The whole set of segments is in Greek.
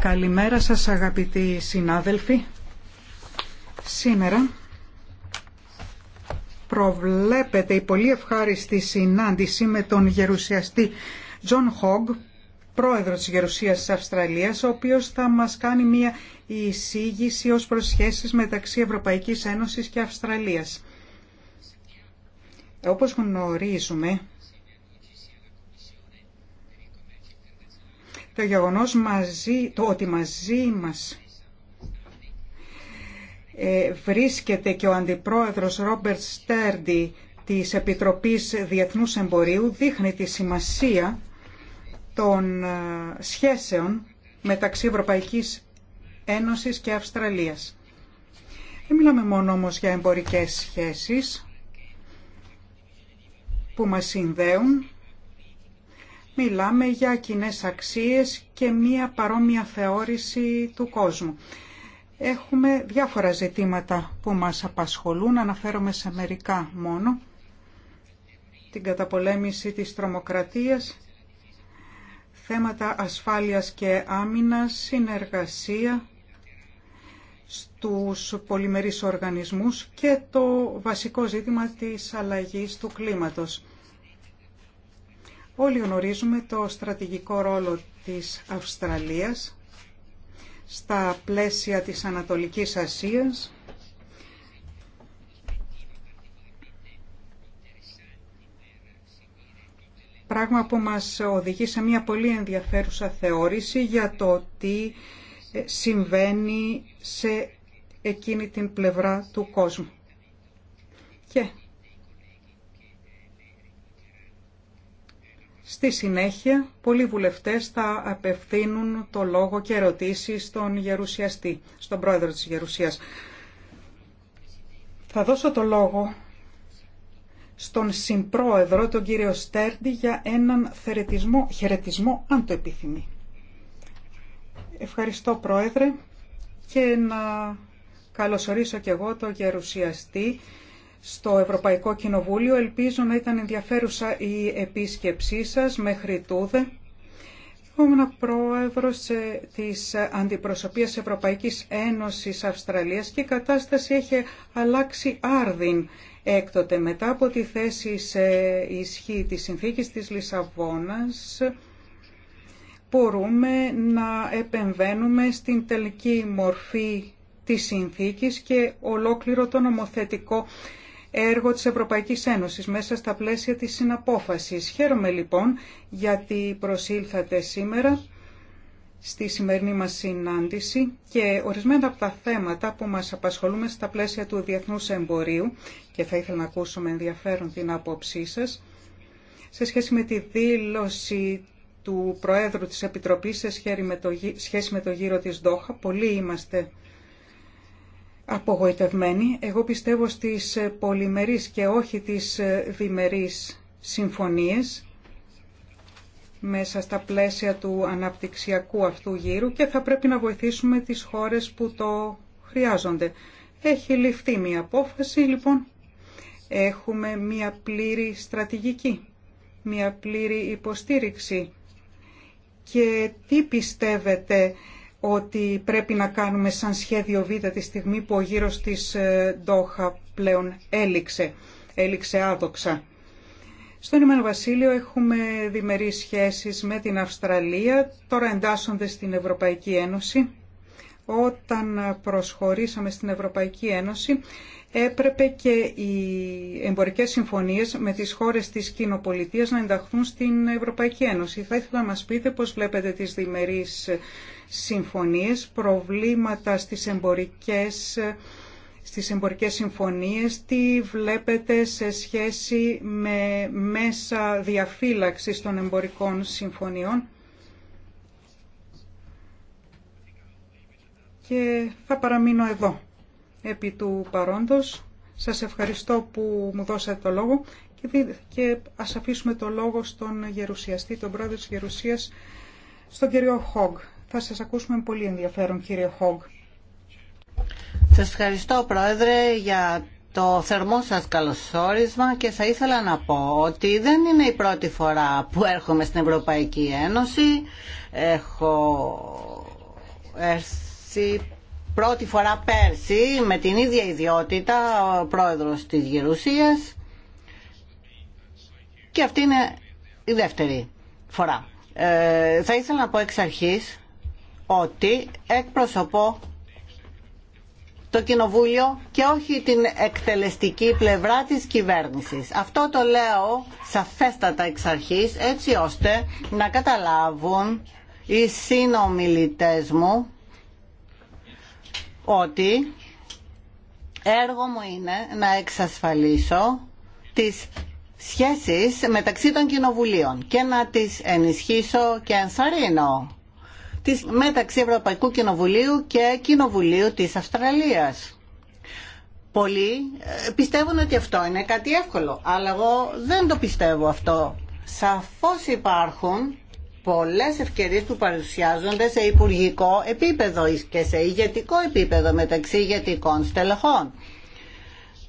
Καλημέρα σας αγαπητοί συνάδελφοι. Σήμερα προβλέπεται η πολύ ευχάριστη συνάντηση με τον γερουσιαστή Τζον Χόγκ, πρόεδρο της Γερουσίας της Αυστραλίας, ο οποίος θα μας κάνει μια εισήγηση ως προσχέσεις μεταξύ Ευρωπαϊκής Ένωσης και Αυστραλίας. Όπως γνωρίζουμε, το γεγονός μαζί, το ότι μαζί μας ε, βρίσκεται και ο αντιπρόεδρος Ρόμπερτ Στέρντι της Επιτροπής Διεθνούς Εμπορίου δείχνει τη σημασία των ε, σχέσεων μεταξύ Ευρωπαϊκής Ένωσης και Αυστραλίας. Δεν μιλάμε μόνο όμως για εμπορικές σχέσεις που μας συνδέουν Μιλάμε για κοινέ αξίες και μία παρόμοια θεώρηση του κόσμου. Έχουμε διάφορα ζητήματα που μας απασχολούν, αναφέρομαι σε μερικά μόνο. Την καταπολέμηση της τρομοκρατίας, θέματα ασφάλειας και άμυνας, συνεργασία στους πολυμερείς οργανισμούς και το βασικό ζήτημα της αλλαγής του κλίματος. Όλοι γνωρίζουμε το στρατηγικό ρόλο της Αυστραλίας στα πλαίσια της Ανατολικής Ασίας πράγμα που μας οδηγεί σε μια πολύ ενδιαφέρουσα θεώρηση για το τι ε, συμβαίνει σε εκείνη την πλευρά του κόσμου. Και Στη συνέχεια, πολλοί βουλευτές θα απευθύνουν το λόγο και ερωτήσεις στον γερουσιαστή, στον πρόεδρο της Γερουσίας. Θα δώσω το λόγο στον συμπρόεδρο, τον κύριο Στέρντι, για έναν θερετισμό, χαιρετισμό, αν το επιθυμεί. Ευχαριστώ, Πρόεδρε, και να καλωσορίσω και εγώ τον γερουσιαστή στο Ευρωπαϊκό Κοινοβούλιο. Ελπίζω να ήταν ενδιαφέρουσα η επίσκεψή σας μέχρι τούδε. Ήμουν πρόεδρος ε, της Αντιπροσωπείας Ευρωπαϊκής Ένωσης Αυστραλίας και η κατάσταση έχει αλλάξει άρδιν έκτοτε μετά από τη θέση σε ισχύ της συνθήκης της Λισαβόνας μπορούμε να επεμβαίνουμε στην τελική μορφή της συνθήκης και ολόκληρο το νομοθετικό έργο της Ευρωπαϊκής Ένωσης μέσα στα πλαίσια της συναπόφασης. Χαίρομαι λοιπόν γιατί προσήλθατε σήμερα στη σημερινή μας συνάντηση και ορισμένα από τα θέματα που μας απασχολούμε στα πλαίσια του διεθνούς εμπορίου και θα ήθελα να ακούσω με ενδιαφέρον την άποψή σας σε σχέση με τη δήλωση του Προέδρου της Επιτροπής σε σχέση με το γύρο της Δόχα. Πολλοί είμαστε Απογοητευμένη. Εγώ πιστεύω στις πολυμερείς και όχι τις διμερείς συμφωνίες μέσα στα πλαίσια του αναπτυξιακού αυτού γύρου και θα πρέπει να βοηθήσουμε τις χώρες που το χρειάζονται. Έχει ληφθεί μια απόφαση, λοιπόν, έχουμε μια πλήρη στρατηγική, μια πλήρη υποστήριξη. Και τι πιστεύετε ότι πρέπει να κάνουμε σαν σχέδιο Β τη στιγμή που ο γύρος της ε, Ντόχα πλέον έληξε, έληξε άδοξα. Στο Ηνωμένο Βασίλειο έχουμε διμερείς σχέσεις με την Αυστραλία, τώρα εντάσσονται στην Ευρωπαϊκή Ένωση. Όταν προσχωρήσαμε στην Ευρωπαϊκή Ένωση έπρεπε και οι εμπορικές συμφωνίες με τις χώρες της κοινοπολιτείας να ενταχθούν στην Ευρωπαϊκή Ένωση. Θα ήθελα να μας πείτε πώς βλέπετε τις διμερείς συμφωνίες, προβλήματα στις εμπορικές, στις εμπορικές συμφωνίες, τι βλέπετε σε σχέση με μέσα διαφύλαξης των εμπορικών συμφωνιών. Και θα παραμείνω εδώ επί του παρόντος. Σας ευχαριστώ που μου δώσατε το λόγο και ας αφήσουμε το λόγο στον γερουσιαστή, τον πρόεδρο της Γερουσίας, στον κύριο Χόγκ. Θα σας ακούσουμε πολύ ενδιαφέρον κύριε Χόγκ. Σας ευχαριστώ Πρόεδρε για το θερμό σας καλωσόρισμα και θα ήθελα να πω ότι δεν είναι η πρώτη φορά που έρχομαι στην Ευρωπαϊκή Ένωση. Έχω έρθει πρώτη φορά πέρσι με την ίδια ιδιότητα ο πρόεδρος της Γερουσίας και αυτή είναι η δεύτερη φορά. Ε, θα ήθελα να πω εξ αρχής ότι εκπροσωπώ το Κοινοβούλιο και όχι την εκτελεστική πλευρά της κυβέρνησης. Αυτό το λέω σαφέστατα εξ αρχής έτσι ώστε να καταλάβουν οι συνομιλητές μου ότι έργο μου είναι να εξασφαλίσω τις σχέσεις μεταξύ των κοινοβουλίων και να τις ενισχύσω και ενθαρρύνω μεταξύ Ευρωπαϊκού Κοινοβουλίου και Κοινοβουλίου της Αυστραλίας. Πολλοί ε, πιστεύουν ότι αυτό είναι κάτι εύκολο, αλλά εγώ δεν το πιστεύω αυτό. Σαφώς υπάρχουν πολλές ευκαιρίες που παρουσιάζονται σε υπουργικό επίπεδο και σε ηγετικό επίπεδο μεταξύ ηγετικών στελεχών.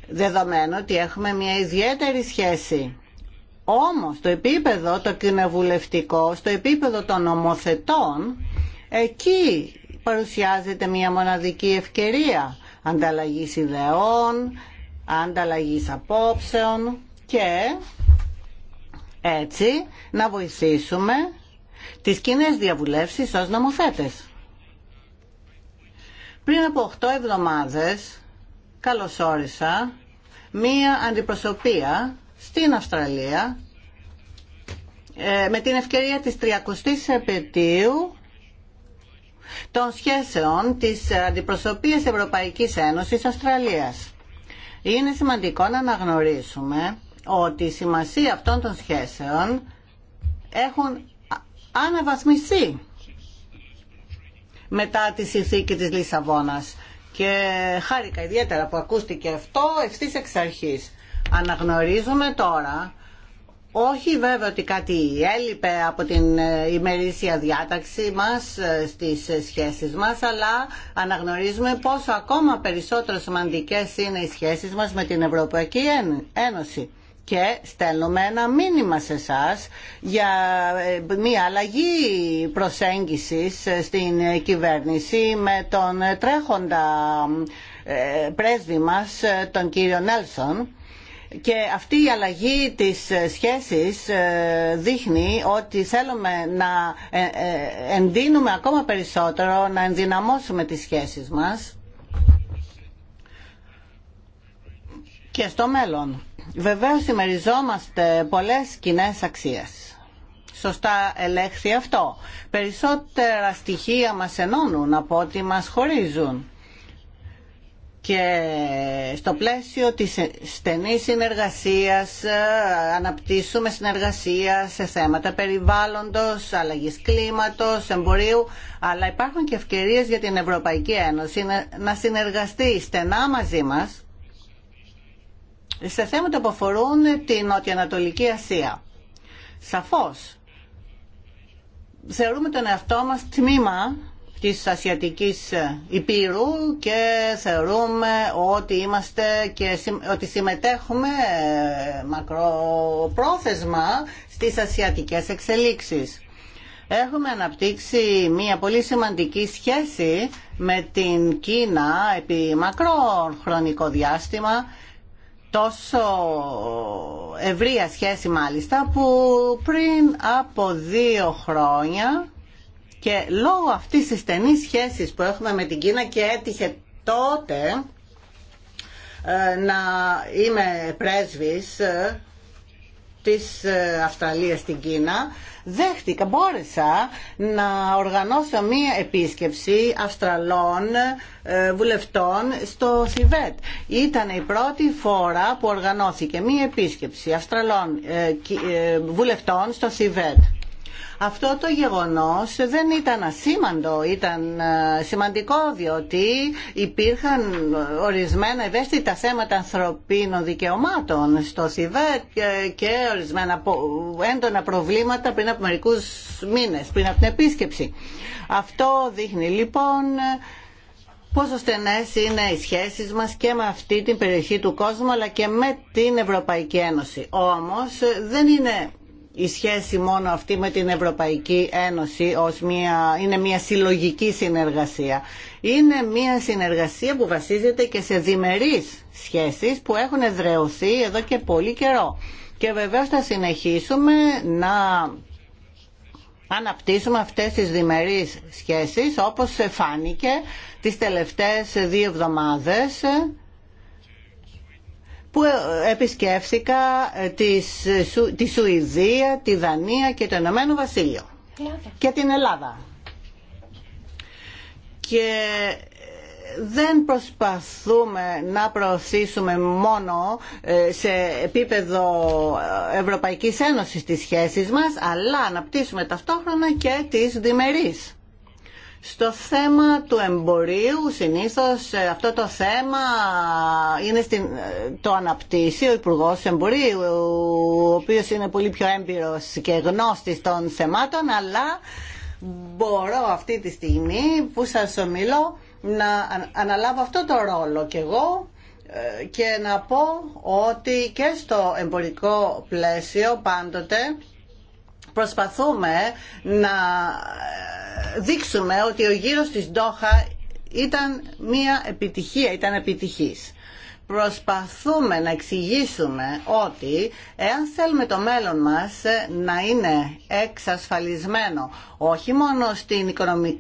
Δεδομένου ότι έχουμε μια ιδιαίτερη σχέση όμως το επίπεδο το κοινοβουλευτικό, στο επίπεδο των νομοθετών εκεί παρουσιάζεται μια μοναδική ευκαιρία ανταλλαγής ιδεών, ανταλλαγής απόψεων και έτσι να βοηθήσουμε τις κοινέ διαβουλεύσεις ως νομοθέτες. Πριν από 8 εβδομάδες καλωσόρισα μία αντιπροσωπεία στην Αυστραλία ε, με την ευκαιρία της 30ης επαιτίου των σχέσεων της Αντιπροσωπείας Ευρωπαϊκής Ένωσης Αυστραλίας. Είναι σημαντικό να αναγνωρίσουμε ότι η σημασία αυτών των σχέσεων έχουν αναβαθμιστεί μετά τη συνθήκη της Λισαβόνας και χάρηκα ιδιαίτερα που ακούστηκε αυτό ευθύ εξ αρχής. Αναγνωρίζουμε τώρα, όχι βέβαια ότι κάτι έλειπε από την ε, ημερήσια διάταξη μας ε, στις ε, σχέσεις μας, αλλά αναγνωρίζουμε πόσο ακόμα περισσότερο σημαντικές είναι οι σχέσεις μας με την Ευρωπαϊκή Ένωση και στέλνουμε ένα μήνυμα σε εσά για μια αλλαγή προσέγγισης στην κυβέρνηση με τον τρέχοντα πρέσβη μας, τον κύριο Νέλσον και αυτή η αλλαγή της σχέσης ε, δείχνει ότι θέλουμε να ε, ε, εντείνουμε ακόμα περισσότερο, να ενδυναμώσουμε τις σχέσεις μας και στο μέλλον. Βεβαίως συμμεριζόμαστε πολλές κοινέ αξίες. Σωστά ελέγχθη αυτό. Περισσότερα στοιχεία μας ενώνουν από ότι μας χωρίζουν και στο πλαίσιο της στενής συνεργασίας ε, αναπτύσσουμε συνεργασία σε θέματα περιβάλλοντος, αλλαγής κλίματος, εμπορίου αλλά υπάρχουν και ευκαιρίες για την Ευρωπαϊκή Ένωση να συνεργαστεί στενά μαζί μας σε θέματα που αφορούν την Ανατολική Ασία. Σαφώς, θεωρούμε τον εαυτό μας τμήμα της Ασιατικής Υπήρου και θεωρούμε ότι είμαστε και ότι συμμετέχουμε ε, μακροπρόθεσμα στις ασιατικές εξελίξεις. Έχουμε αναπτύξει μια πολύ σημαντική σχέση με την Κίνα επί μακρό χρονικό διάστημα τόσο ευρεία σχέση μάλιστα που πριν από δύο χρόνια και λόγω αυτής της στενής σχέσης που έχουμε με την Κίνα και έτυχε τότε ε, να είμαι πρέσβης ε, της ε, Αυστραλίας στην Κίνα δέχτηκα, μπόρεσα να οργανώσω μία επίσκεψη Αυστραλών βουλευτών στο Σιβέτ. Ήταν η πρώτη φορά που οργανώθηκε μία επίσκεψη Αυστραλών βουλευτών στο Σιβέτ. Αυτό το γεγονός δεν ήταν ασήμαντο, ήταν ε, σημαντικό διότι υπήρχαν ορισμένα ευαίσθητα θέματα ανθρωπίνων δικαιωμάτων στο Θιβέτ και ορισμένα έντονα προβλήματα πριν από μερικούς μήνες, πριν από την επίσκεψη. Αυτό δείχνει λοιπόν πόσο στενές είναι οι σχέσεις μας και με αυτή την περιοχή του κόσμου αλλά και με την Ευρωπαϊκή Ένωση. Όμως ε, δεν είναι η σχέση μόνο αυτή με την Ευρωπαϊκή Ένωση ως μια, είναι μια συλλογική συνεργασία. Είναι μια συνεργασία που βασίζεται και σε διμερείς σχέσεις που έχουν εδρεωθεί εδώ και πολύ καιρό. Και βεβαίως θα συνεχίσουμε να αναπτύσσουμε αυτές τις διμερείς σχέσεις όπως φάνηκε τις τελευταίες δύο εβδομάδες που επισκέφθηκα τη Σουηδία, τη Δανία και το Ηνωμένο Βασίλειο και την Ελλάδα. Και δεν προσπαθούμε να προωθήσουμε μόνο ε, σε επίπεδο ε, Ευρωπαϊκής Ένωσης τις σχέσεις μας, αλλά να πτήσουμε ταυτόχρονα και τις διμερείς. Στο θέμα του εμπορίου, συνήθως ε, αυτό το θέμα είναι στην, ε, το αναπτύσσει ο υπουργό Εμπορίου, ο οποίος είναι πολύ πιο έμπειρος και γνώστης των θεμάτων, αλλά μπορώ αυτή τη στιγμή που σας ομιλώ να αναλάβω αυτό το ρόλο και εγώ ε, και να πω ότι και στο εμπορικό πλαίσιο πάντοτε Προσπαθούμε να ε, δείξουμε ότι ο γύρος της Ντόχα ήταν μια επιτυχία, ήταν επιτυχής. Προσπαθούμε να εξηγήσουμε ότι εάν θέλουμε το μέλλον μας ε, να είναι εξασφαλισμένο όχι μόνο στην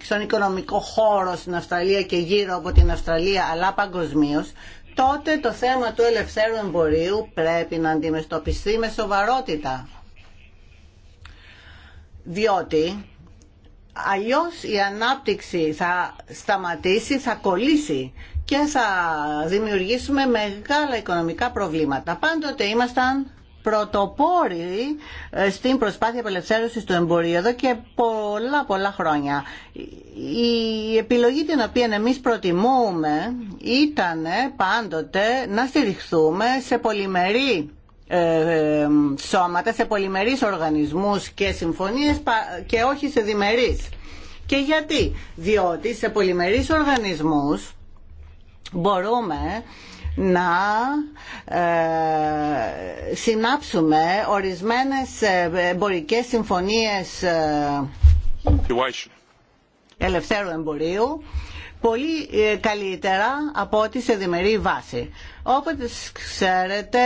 στον οικονομικό χώρο στην Αυστραλία και γύρω από την Αυστραλία αλλά παγκοσμίω, τότε το θέμα του ελευθέρου εμπορίου πρέπει να αντιμετωπιστεί με σοβαρότητα διότι αλλιώς η ανάπτυξη θα σταματήσει, θα κολλήσει και θα δημιουργήσουμε μεγάλα οικονομικά προβλήματα. Πάντοτε ήμασταν πρωτοπόροι ε, στην προσπάθεια απελευθέρωσης του εμπορίου εδώ και πολλά πολλά χρόνια. Η επιλογή την οποία εμείς προτιμούμε ήταν πάντοτε να στηριχθούμε σε πολυμερή ε, ε, σώματα, σε πολυμερείς οργανισμούς και συμφωνίες και όχι σε διμερείς. Και γιατί, διότι σε πολυμερείς οργανισμούς μπορούμε να ε, συνάψουμε ορισμένες εμπορικές συμφωνίες ελευθέρου εμπορίου πολύ ε, καλύτερα από ό,τι σε διμερή βάση. Όποτε ξέρετε,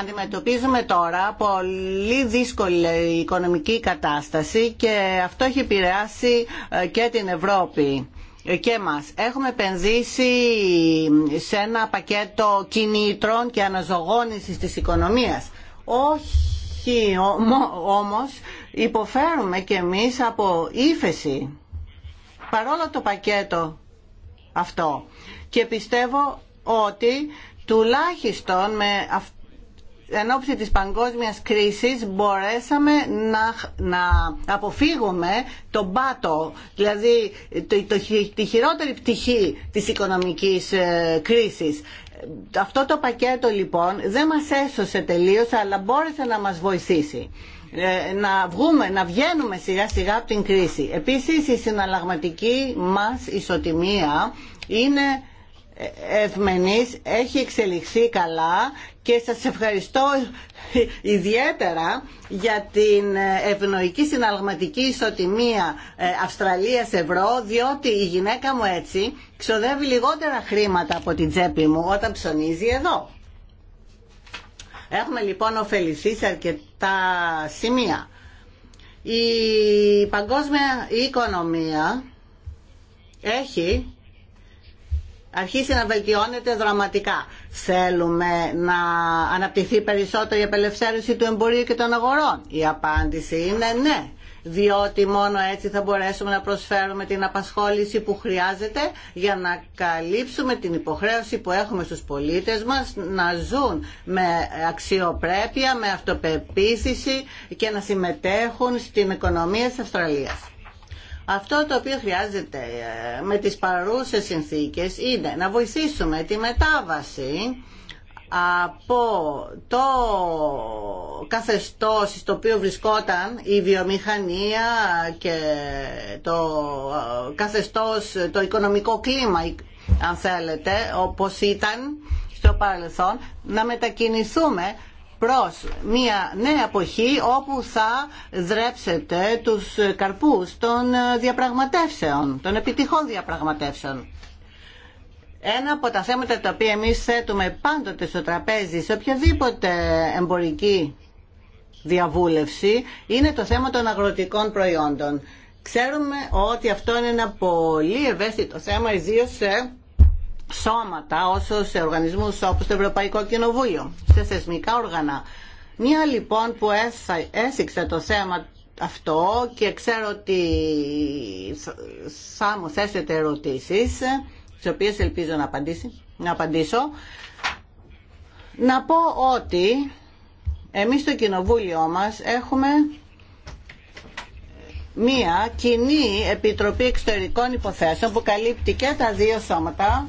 αντιμετωπίζουμε τώρα πολύ δύσκολη οικονομική κατάσταση και αυτό έχει επηρεάσει ε, και την Ευρώπη και μας. Έχουμε επενδύσει σε ένα πακέτο κινήτρων και αναζωγόνησης της οικονομίας. Όχι όμως υποφέρουμε και εμείς από ύφεση παρόλο το πακέτο αυτό. Και πιστεύω ότι τουλάχιστον με αυ- εν ώψη της παγκόσμιας κρίσης μπορέσαμε να, να αποφύγουμε τον πάτο, δηλαδή το, τη χειρότερη πτυχή της οικονομικής ε, κρίσης. Αυτό το πακέτο λοιπόν δεν μας έσωσε τελείως αλλά μπόρεσε να μας βοηθήσει. Ε, να βγούμε, να βγαίνουμε σιγά σιγά από την κρίση. Επίσης η συναλλαγματική μας ισοτιμία είναι ευμενής, έχει εξελιχθεί καλά και σας ευχαριστώ ιδιαίτερα για την ευνοϊκή συναλλαγματική ισοτιμία ε, Αυστραλίας-Ευρώ διότι η γυναίκα μου έτσι ξοδεύει λιγότερα χρήματα από την τσέπη μου όταν ψωνίζει εδώ. Έχουμε λοιπόν ωφεληθεί σε αρκετά σημεία. Η παγκόσμια οικονομία έχει αρχίσει να βελτιώνεται δραματικά. Θέλουμε να αναπτυχθεί περισσότερο η απελευθέρωση του εμπορίου και των αγορών. Η απάντηση είναι ναι διότι μόνο έτσι θα μπορέσουμε να προσφέρουμε την απασχόληση που χρειάζεται για να καλύψουμε την υποχρέωση που έχουμε στους πολίτες μας να ζουν με αξιοπρέπεια, με αυτοπεποίθηση και να συμμετέχουν στην οικονομία της Αυστραλίας. Αυτό το οποίο χρειάζεται ε, με τις παρούσες συνθήκες είναι να βοηθήσουμε τη μετάβαση από το καθεστώς στο οποίο βρισκόταν η βιομηχανία και το ε, καθεστώς, το οικονομικό κλίμα αν θέλετε, όπως ήταν στο παρελθόν, να μετακινηθούμε προς μια νέα εποχή όπου θα δρέψετε τους καρπούς των ε, διαπραγματεύσεων, των επιτυχών διαπραγματεύσεων. Ένα από τα θέματα τα οποία εμείς θέτουμε πάντοτε στο τραπέζι, σε οποιαδήποτε εμπορική διαβούλευση, είναι το θέμα των αγροτικών προϊόντων. Ξέρουμε ότι αυτό είναι ένα πολύ ευαίσθητο θέμα, ιδίω σε σώματα, όσο σε οργανισμούς όπως το Ευρωπαϊκό Κοινοβούλιο, σε θεσμικά όργανα. Μία λοιπόν που έσυξε το θέμα αυτό και ξέρω ότι θα μου θέσετε ερωτήσεις, τις οποίες ελπίζω να, απαντήσει, να απαντήσω. Να πω ότι εμείς στο κοινοβούλιο μας έχουμε μία κοινή Επιτροπή Εξωτερικών Υποθέσεων που καλύπτει και τα δύο σώματα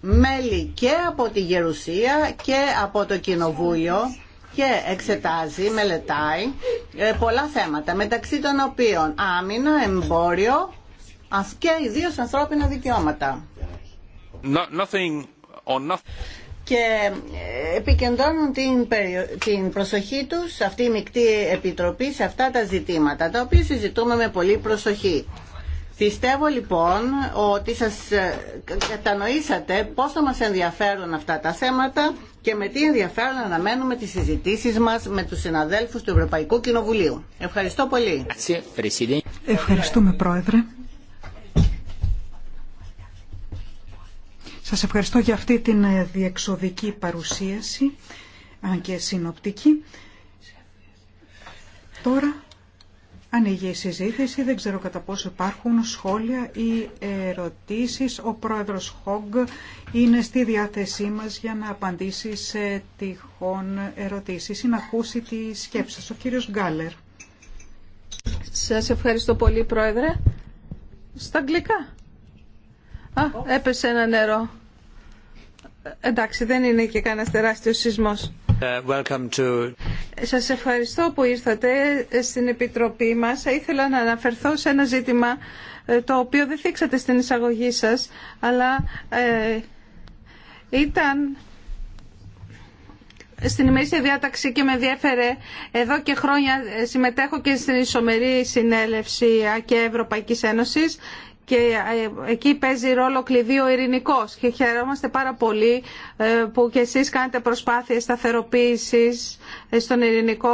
μέλη και από τη Γερουσία και από το Κοινοβούλιο και εξετάζει, μελετάει ε, πολλά θέματα μεταξύ των οποίων άμυνα, εμπόριο και ιδίω ανθρώπινα δικαιώματα. Nothing Και ε, επικεντρώνουν την, την προσοχή τους σε αυτή η μεικτή επιτροπή σε αυτά τα ζητήματα, τα οποία συζητούμε με πολύ προσοχή. Πιστεύω λοιπόν ότι σας ε, κατανοήσατε πόσο μας ενδιαφέρουν αυτά τα θέματα και με τι ενδιαφέρον αναμένουμε τις συζητήσεις μας με τους συναδέλφους του Ευρωπαϊκού Κοινοβουλίου. Ευχαριστώ πολύ. Ευχαριστούμε Πρόεδρε. Σας ευχαριστώ για αυτή την ε, διεξοδική παρουσίαση, αν και συνοπτική. Τώρα ανοίγει η συζήτηση, δεν ξέρω κατά πόσο υπάρχουν σχόλια ή ερωτήσεις. Ο πρόεδρος Χόγκ είναι στη διάθεσή μας για να απαντήσει σε τυχόν ερωτήσεις ή να ακούσει τη σκέψη σας. Ο κύριος Γκάλερ. Σας ευχαριστώ πολύ πρόεδρε. Στα αγγλικά. Α, έπεσε ένα νερό. Εντάξει, δεν είναι και κανένα τεράστιο σεισμό. Σα ε, Σας ευχαριστώ που ήρθατε στην Επιτροπή μας. Ε, ήθελα να αναφερθώ σε ένα ζήτημα ε, το οποίο δεν θίξατε στην εισαγωγή σας, αλλά ήταν στην ημερήσια διάταξη και με διέφερε εδώ και χρόνια συμμετέχω και στην Ισομερή Συνέλευση και Ευρωπαϊκής Ένωσης και ε, εκεί παίζει ρόλο κλειδί ο ειρηνικός και χαιρόμαστε πάρα πολύ ε, που και εσείς κάνετε προσπάθειες σταθεροποίησης ε, στον ειρηνικό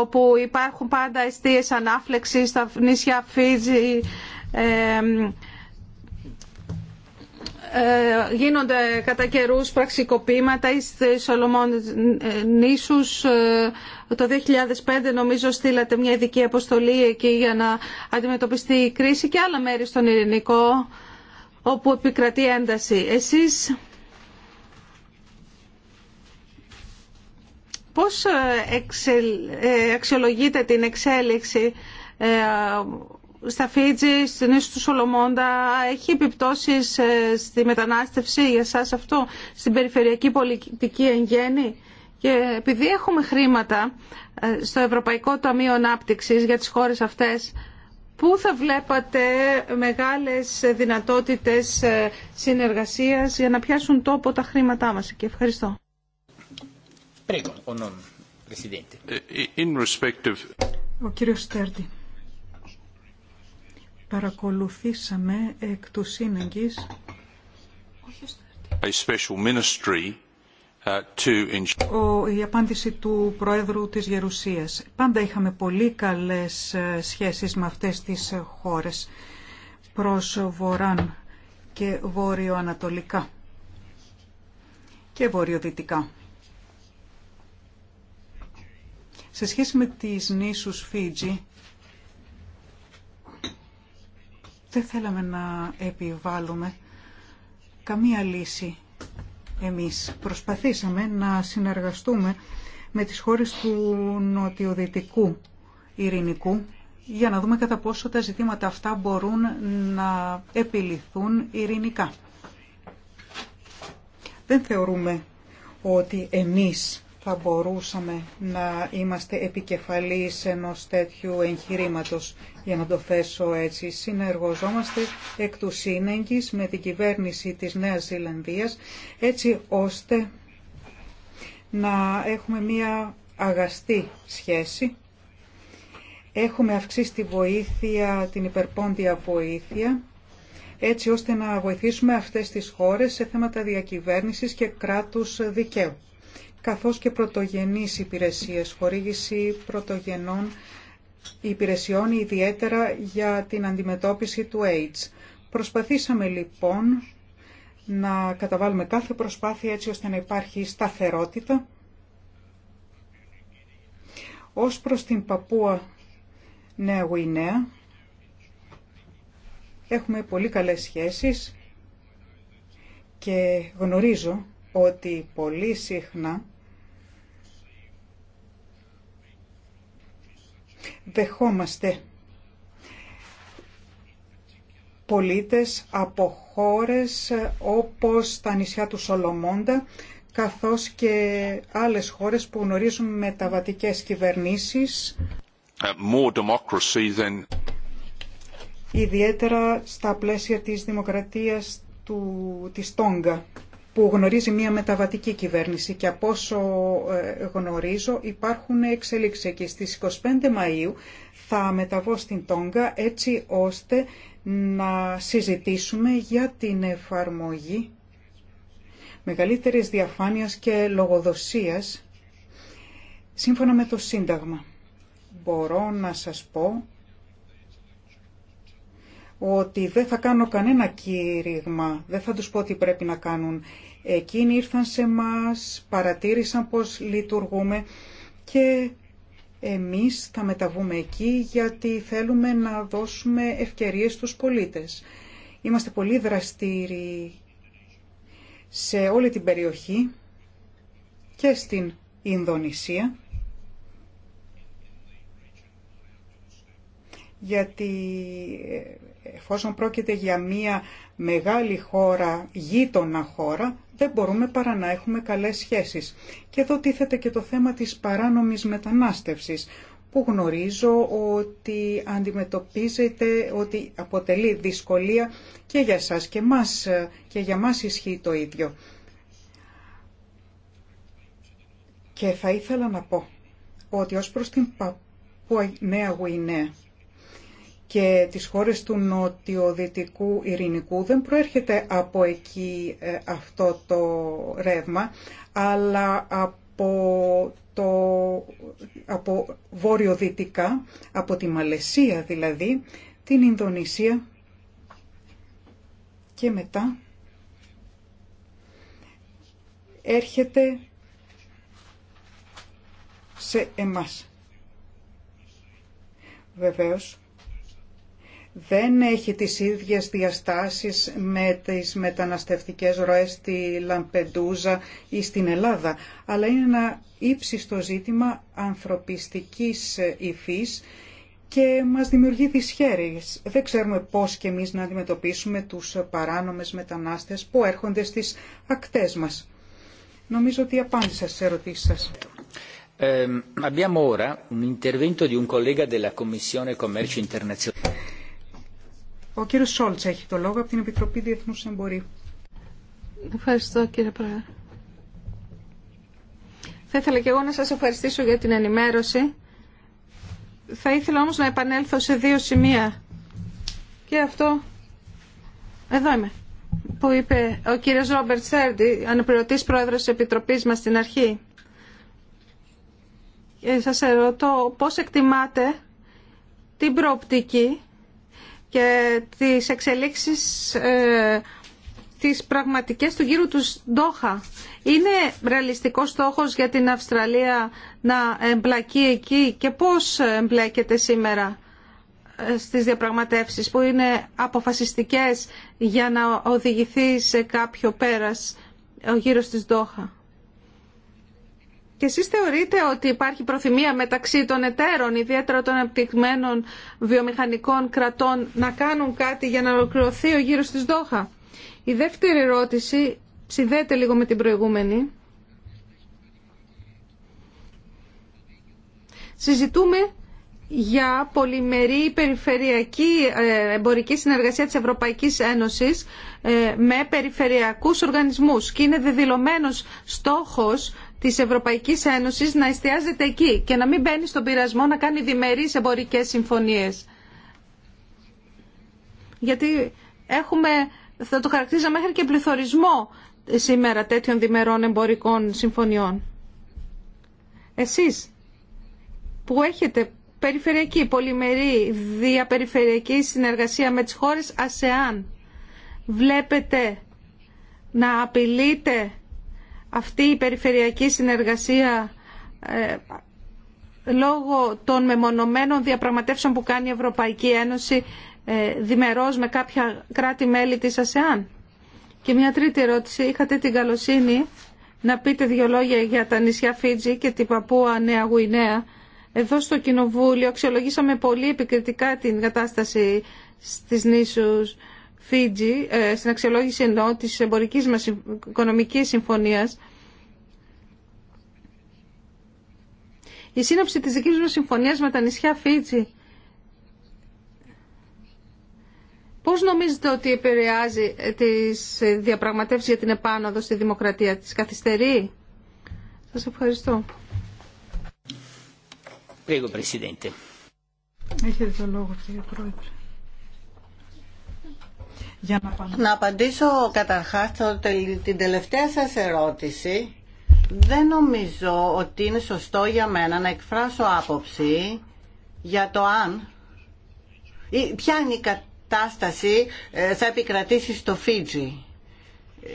όπου υπάρχουν πάντα αιστείες ανάφλεξης στα νησιά Φίτζη, ε, γίνονται κατά καιρού πραξικοπήματα ή Σολομών νήσους. Ε, το 2005 νομίζω στείλατε μια ειδική αποστολή εκεί για να αντιμετωπιστεί η κρίση και άλλα μέρη στον Ειρηνικό όπου επικρατεί ένταση. Εσείς πώς ε, αξιολογείτε την εξέλιξη στα Φίτζη, στην ίσο του Σολομόντα, έχει επιπτώσεις ε, στη μετανάστευση για σας αυτό, στην περιφερειακή πολιτική εν Και επειδή έχουμε χρήματα ε, στο Ευρωπαϊκό Ταμείο Ανάπτυξη για τις χώρες αυτές, πού θα βλέπατε μεγάλες δυνατότητες ε, συνεργασίας για να πιάσουν τόπο τα χρήματά μας. Και ευχαριστώ. Ο κύριος παρακολουθήσαμε εκ του uh, to ο, η απάντηση του Προέδρου της Γερουσίας. Πάντα είχαμε πολύ καλές ε, σχέσεις με αυτές τις ε, χώρες προς βοράν και βόρειο-ανατολικά και βορειοδυτικά. Σε σχέση με τις νήσους Φίτζι, Δεν θέλαμε να επιβάλλουμε καμία λύση εμείς. Προσπαθήσαμε να συνεργαστούμε με τις χώρες του νοτιοδυτικού ειρηνικού για να δούμε κατά πόσο τα ζητήματα αυτά μπορούν να επιληθούν ειρηνικά. Δεν θεωρούμε ότι εμείς θα μπορούσαμε να είμαστε επικεφαλής ενός τέτοιου εγχειρήματος, για να το θέσω έτσι. Συνεργοζόμαστε εκ του σύνεγγης με την κυβέρνηση της Νέας Ζηλανδίας, έτσι ώστε να έχουμε μία αγαστή σχέση. Έχουμε αυξήσει τη βοήθεια, την υπερπόντια βοήθεια, έτσι ώστε να βοηθήσουμε αυτές τις χώρες σε θέματα διακυβέρνησης και κράτους δικαίου καθώς και πρωτογενείς υπηρεσίες, χορήγηση πρωτογενών υπηρεσιών ιδιαίτερα για την αντιμετώπιση του AIDS. Προσπαθήσαμε λοιπόν να καταβάλουμε κάθε προσπάθεια έτσι ώστε να υπάρχει σταθερότητα ως προς την Παπούα Νέα Γουινέα. Έχουμε πολύ καλές σχέσεις και γνωρίζω ότι πολύ συχνά δεχόμαστε πολίτες από χώρες όπως τα νησιά του Σολομόντα, καθώς και άλλες χώρες που γνωρίζουν μεταβατικές κυβερνήσεις. Uh, than... Ιδιαίτερα στα πλαίσια της δημοκρατίας του, της Τόγκα που γνωρίζει μια μεταβατική κυβέρνηση και από όσο ε, γνωρίζω υπάρχουν εξελίξεις και Στις 25 Μαΐου θα μεταβώ στην Τόγκα έτσι ώστε να συζητήσουμε για την εφαρμογή μεγαλύτερης διαφάνειας και λογοδοσίας σύμφωνα με το Σύνταγμα. Μπορώ να σας πω ότι δεν θα κάνω κανένα κήρυγμα, δεν θα τους πω τι πρέπει να κάνουν. Εκείνοι ήρθαν σε μας, παρατήρησαν πώς λειτουργούμε και εμείς θα μεταβούμε εκεί γιατί θέλουμε να δώσουμε ευκαιρίες στους πολίτες. Είμαστε πολύ δραστήριοι σε όλη την περιοχή και στην Ινδονησία γιατί ε, εφόσον πρόκειται για μια μεγάλη χώρα, γείτονα χώρα, δεν μπορούμε παρά να έχουμε καλές σχέσεις. Και εδώ τίθεται και το θέμα της παράνομης μετανάστευσης, που γνωρίζω ότι αντιμετωπίζεται, ότι αποτελεί δυσκολία και για σας και, μας, και για μας ισχύει το ίδιο. Και θα ήθελα να πω ότι ως προς την Παππούα Νέα Γουινέα, και τις χώρες του νοτιοδυτικού ειρηνικού. Δεν προέρχεται από εκεί ε, αυτό το ρεύμα, αλλά από, το, από βορειοδυτικά, από τη Μαλαισία δηλαδή, την Ινδονησία και μετά έρχεται σε εμάς. Βεβαίως, δεν έχει τις ίδιες διαστάσεις με τις μεταναστευτικές ροές στη Λαμπεντούζα ή στην Ελλάδα, αλλά είναι ένα ύψιστο ζήτημα ανθρωπιστικής υφής και μας δημιουργεί δυσχέρειες. Δεν ξέρουμε πώς και εμείς να αντιμετωπίσουμε τους παράνομες μετανάστες που έρχονται στις ακτές μας. Νομίζω ότι απάντησα στις ερωτήσεις σας. abbiamo ora un intervento di un collega della Commissione Commercio Internazionale. Ο κύριο Σόλτς έχει το λόγο από την Επιτροπή Διεθνού Εμπορίου. Ευχαριστώ κύριε Πρόεδρε. Θα ήθελα και εγώ να σας ευχαριστήσω για την ενημέρωση. Θα ήθελα όμως να επανέλθω σε δύο σημεία. Και αυτό... Εδώ είμαι. Που είπε ο κύριος Ρόμπερτ Σέρντι, αναπληρωτής πρόεδρος της Επιτροπής μας στην αρχή. Και ε, σας ερωτώ πώς εκτιμάτε την προοπτική και τις εξελίξεις ε, τις πραγματικές του γύρου του Ντόχα. Είναι ρεαλιστικό στόχος για την Αυστραλία να εμπλακεί εκεί και πώς εμπλέκεται σήμερα ε, στις διαπραγματεύσεις που είναι αποφασιστικές για να οδηγηθεί σε κάποιο πέρας ο γύρος της Ντόχα. Και εσείς θεωρείτε ότι υπάρχει προθυμία μεταξύ των εταίρων, ιδιαίτερα των επιτυχμένων βιομηχανικών κρατών, να κάνουν κάτι για να ολοκληρωθεί ο γύρος της Δόχα. Η δεύτερη ερώτηση συνδέεται λίγο με την προηγούμενη. Συζητούμε για πολυμερή περιφερειακή ε, εμπορική συνεργασία της Ευρωπαϊκής Ένωσης ε, με περιφερειακούς οργανισμούς και είναι δεδηλωμένος στόχος της Ευρωπαϊκής Ένωσης να εστιάζεται εκεί και να μην μπαίνει στον πειρασμό να κάνει διμερείς εμπορικές συμφωνίες. Γιατί έχουμε, θα το χαρακτήριζα μέχρι και πληθωρισμό σήμερα τέτοιων διμερών εμπορικών συμφωνιών. Εσείς που έχετε περιφερειακή, πολυμερή, διαπεριφερειακή συνεργασία με τις χώρες ΑΣΕΑΝ, βλέπετε να απειλείτε αυτή η περιφερειακή συνεργασία ε, λόγω των μεμονωμένων διαπραγματεύσεων που κάνει η Ευρωπαϊκή Ένωση ε, διμερώς με κάποια κράτη-μέλη της ΑΣΕΑΝ. Και μια τρίτη ερώτηση. Είχατε την καλοσύνη να πείτε δύο λόγια για τα νησιά Φίτζη και την Παπούα Νέα Γουινέα. Εδώ στο Κοινοβούλιο αξιολογήσαμε πολύ επικριτικά την κατάσταση στις νήσους Φίτζη ε, στην αξιολόγηση ενώ της εμπορικής μας οικονομικής συμφωνίας η σύνοψη της δικής μας συμφωνίας με τα νησιά Φίτζη Πώς νομίζετε ότι επηρεάζει ε, τις διαπραγματεύσεις για την επάνωδο στη δημοκρατία, της. καθυστερεί. Σας ευχαριστώ. Έχετε το λόγο κύριε Πρόεδρε να, να απαντήσω καταρχάς την τελευταία σας ερώτηση. Δεν νομίζω ότι είναι σωστό για μένα να εκφράσω άποψη για το αν ή ποια είναι η κατάσταση ε, θα επικρατήσει στο Φίτζι. Ε,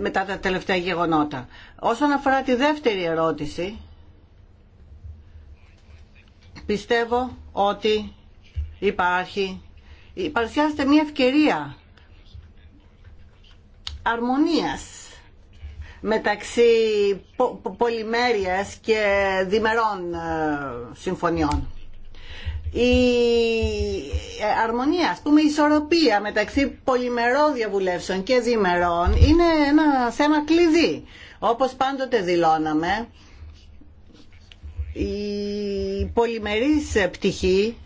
μετά τα τελευταία γεγονότα. Όσον αφορά τη δεύτερη ερώτηση, πιστεύω ότι Υπάρχει. Παρουσιάζεται μια ευκαιρία αρμονίας μεταξύ πολυμέρειας και διμερών ε, συμφωνιών. Η ε, αρμονία, ας πούμε η ισορροπία μεταξύ πολυμερών διαβουλεύσεων και διμερών είναι ένα θέμα κλειδί. Όπως πάντοτε δηλώναμε, η πολυμερής πτυχή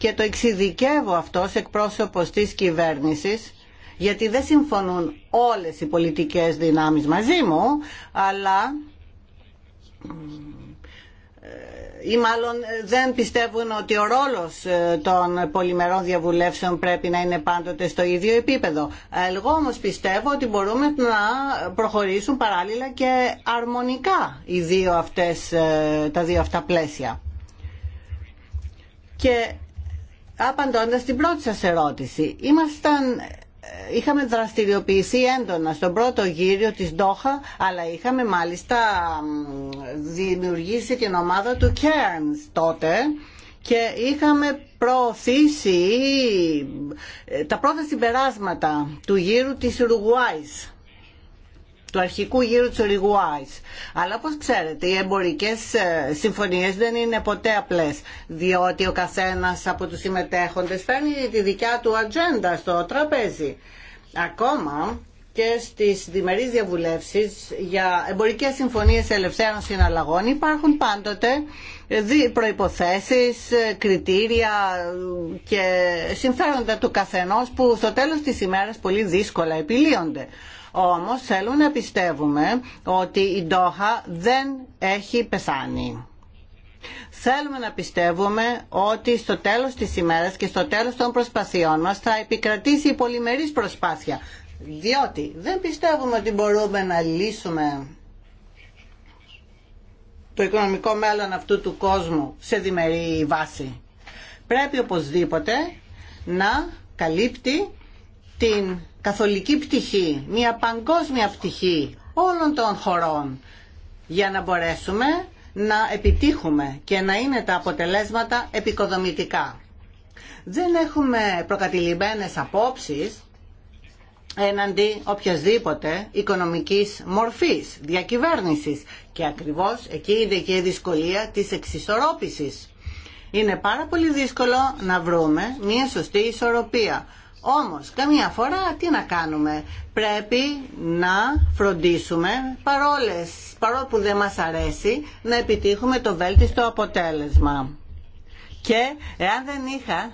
και το εξειδικεύω αυτό ως εκπρόσωπος της κυβέρνησης γιατί δεν συμφωνούν όλες οι πολιτικές δυνάμεις μαζί μου αλλά ε, ή μάλλον δεν πιστεύουν ότι ο ρόλος ε, των πολυμερών διαβουλεύσεων πρέπει να είναι πάντοτε στο ίδιο επίπεδο. Εγώ όμως πιστεύω ότι μπορούμε να προχωρήσουν παράλληλα και αρμονικά οι δύο αυτές, ε, τα δύο αυτά πλαίσια. Και απαντώντας την πρώτη σας ερώτηση. Ε, είχαμε δραστηριοποιηθεί έντονα στον πρώτο γύριο της Ντόχα, αλλά είχαμε μάλιστα δημιουργήσει την ομάδα του Κέρνς τότε και είχαμε προωθήσει ε, τα πρώτα συμπεράσματα του γύρου της Ουρουγουάης του αρχικού γύρου της Οριγουάης. Αλλά όπως ξέρετε οι εμπορικές ε, συμφωνίες δεν είναι ποτέ απλές διότι ο καθένας από τους συμμετέχοντες φέρνει τη δικιά του ατζέντα στο τραπέζι. Ακόμα και στις διμερείς διαβουλεύσεις για εμπορικές συμφωνίες ελευθέρων συναλλαγών υπάρχουν πάντοτε προϋποθέσεις, ε, κριτήρια ε, και συμφέροντα του καθενός που στο τέλος της ημέρας πολύ δύσκολα επιλύονται. Όμως θέλουν να πιστεύουμε ότι η Ντόχα δεν έχει πεθάνει. Θέλουμε να πιστεύουμε ότι στο τέλος της ημέρας και στο τέλος των προσπαθειών μας θα επικρατήσει η πολυμερής προσπάθεια. Διότι δεν πιστεύουμε ότι μπορούμε να λύσουμε το οικονομικό μέλλον αυτού του κόσμου σε διμερή βάση. Πρέπει οπωσδήποτε να καλύπτει την καθολική πτυχή, μια παγκόσμια πτυχή όλων των χωρών για να μπορέσουμε να επιτύχουμε και να είναι τα αποτελέσματα επικοδομητικά. Δεν έχουμε προκατηλημμένες απόψεις έναντι οποιασδήποτε οικονομικής μορφής, διακυβέρνησης και ακριβώς εκεί είναι και η δυσκολία της εξισορρόπησης. Είναι πάρα πολύ δύσκολο να βρούμε μια σωστή ισορροπία όμως, καμιά φορά τι να κάνουμε. Πρέπει να φροντίσουμε, παρόλες, παρόλο που δεν μας αρέσει, να επιτύχουμε το βέλτιστο αποτέλεσμα. Και εάν δεν είχα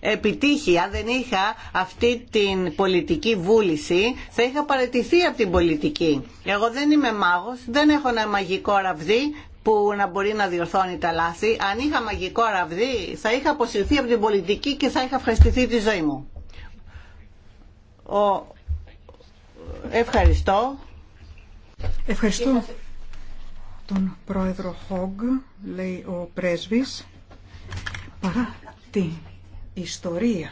επιτύχει, αν δεν είχα αυτή την πολιτική βούληση, θα είχα παραιτηθεί από την πολιτική. Εγώ δεν είμαι μάγος, δεν έχω ένα μαγικό ραβδί που να μπορεί να διορθώνει τα λάθη. Αν είχα μαγικό ραβδί, θα είχα αποσυρθεί από την πολιτική και θα είχα ευχαριστηθεί τη ζωή μου. Ο... Ευχαριστώ. Ευχαριστώ τον πρόεδρο Χόγκ, λέει ο πρέσβης, παρά την ιστορία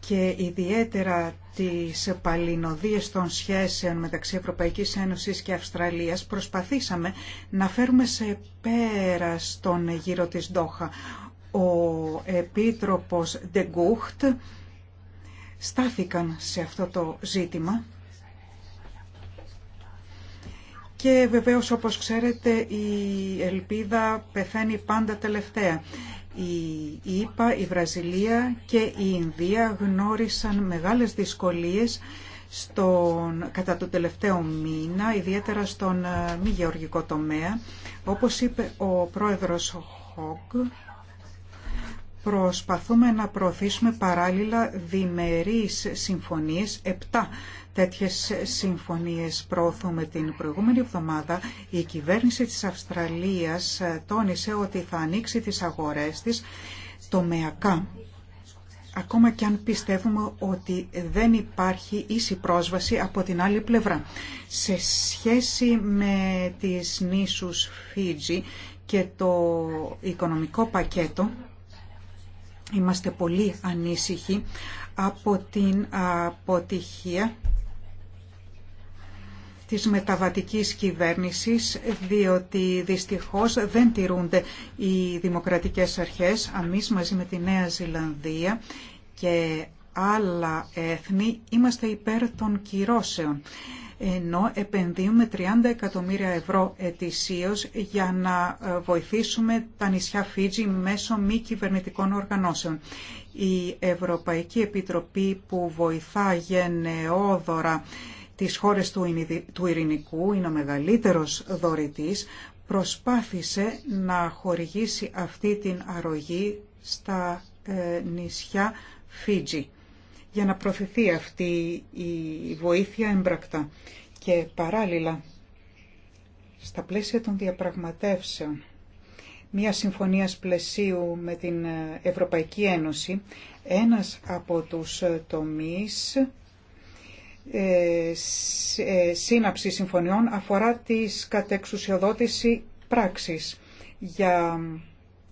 και ιδιαίτερα τις παλινοδίες των σχέσεων μεταξύ Ευρωπαϊκής Ένωσης και Αυστραλίας προσπαθήσαμε να φέρουμε σε πέρα στον γύρο της Ντόχα. Ο Επίτροπος Ντεγκούχτ στάθηκαν σε αυτό το ζήτημα. Και βεβαίως όπως ξέρετε η ελπίδα πεθαίνει πάντα τελευταία. Η ΙΠΑ, η Βραζιλία και η Ινδία γνώρισαν μεγάλες δυσκολίες στον, κατά το τελευταίο μήνα, ιδιαίτερα στον ε, μη γεωργικό τομέα. Όπως είπε ο πρόεδρος Χόγκ, Προσπαθούμε να προωθήσουμε παράλληλα διμερείς συμφωνίες, επτά τέτοιες συμφωνίες προωθούμε την προηγούμενη εβδομάδα. Η κυβέρνηση της Αυστραλίας ε, τόνισε ότι θα ανοίξει τις αγορές της τομεακά, ακόμα και αν πιστεύουμε ότι δεν υπάρχει ίση πρόσβαση από την άλλη πλευρά. Σε σχέση με τις νήσους Φίτζι και το οικονομικό πακέτο, Είμαστε πολύ ανήσυχοι από την αποτυχία της μεταβατικής κυβέρνησης, διότι δυστυχώς δεν τηρούνται οι δημοκρατικές αρχές. Αμείς μαζί με τη Νέα Ζηλανδία και άλλα έθνη είμαστε υπέρ των κυρώσεων ενώ επενδύουμε 30 εκατομμύρια ευρώ ετησίως για να ε, βοηθήσουμε τα νησιά Φίτζη μέσω μη κυβερνητικών οργανώσεων. Η Ευρωπαϊκή Επιτροπή που βοηθά γενναιόδωρα τις χώρες του Ειρηνικού, είναι ο μεγαλύτερος δωρητής, προσπάθησε να χορηγήσει αυτή την αρρωγή στα ε, νησιά Φίτζη για να προθεθεί αυτή η βοήθεια εμπρακτά. Και παράλληλα, στα πλαίσια των διαπραγματεύσεων, μια συμφωνία πλαισίου με την Ευρωπαϊκή Ένωση, ένας από τους τομείς ε, ε, σύναψη συμφωνιών αφορά τις κατεξουσιοδότηση πράξης για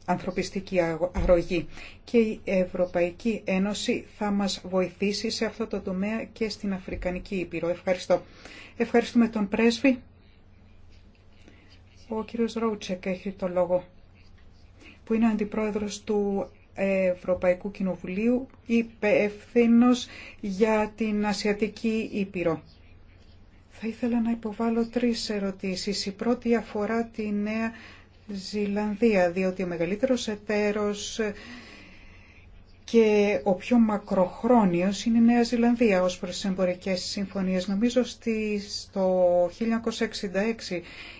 ανθρωπιστική αρρωγή και η Ευρωπαϊκή Ένωση θα μας βοηθήσει σε αυτό το τομέα και στην Αφρικανική Ήπειρο. Ευχαριστώ. Ευχαριστούμε τον πρέσβη. Ο κύριος Ρόουτσεκ έχει το λόγο, που είναι αντιπρόεδρος του Ευρωπαϊκού Κοινοβουλίου, υπεύθυνο για την Ασιατική Ήπειρο. Θα ήθελα να υποβάλω τρεις ερωτήσεις. Η πρώτη αφορά τη νέα Ζηλανδία, διότι ο μεγαλύτερος εταίρος και ο πιο μακροχρόνιος είναι η Νέα Ζηλανδία ως προς εμπορικές συμφωνίες. Νομίζω ότι στο 1966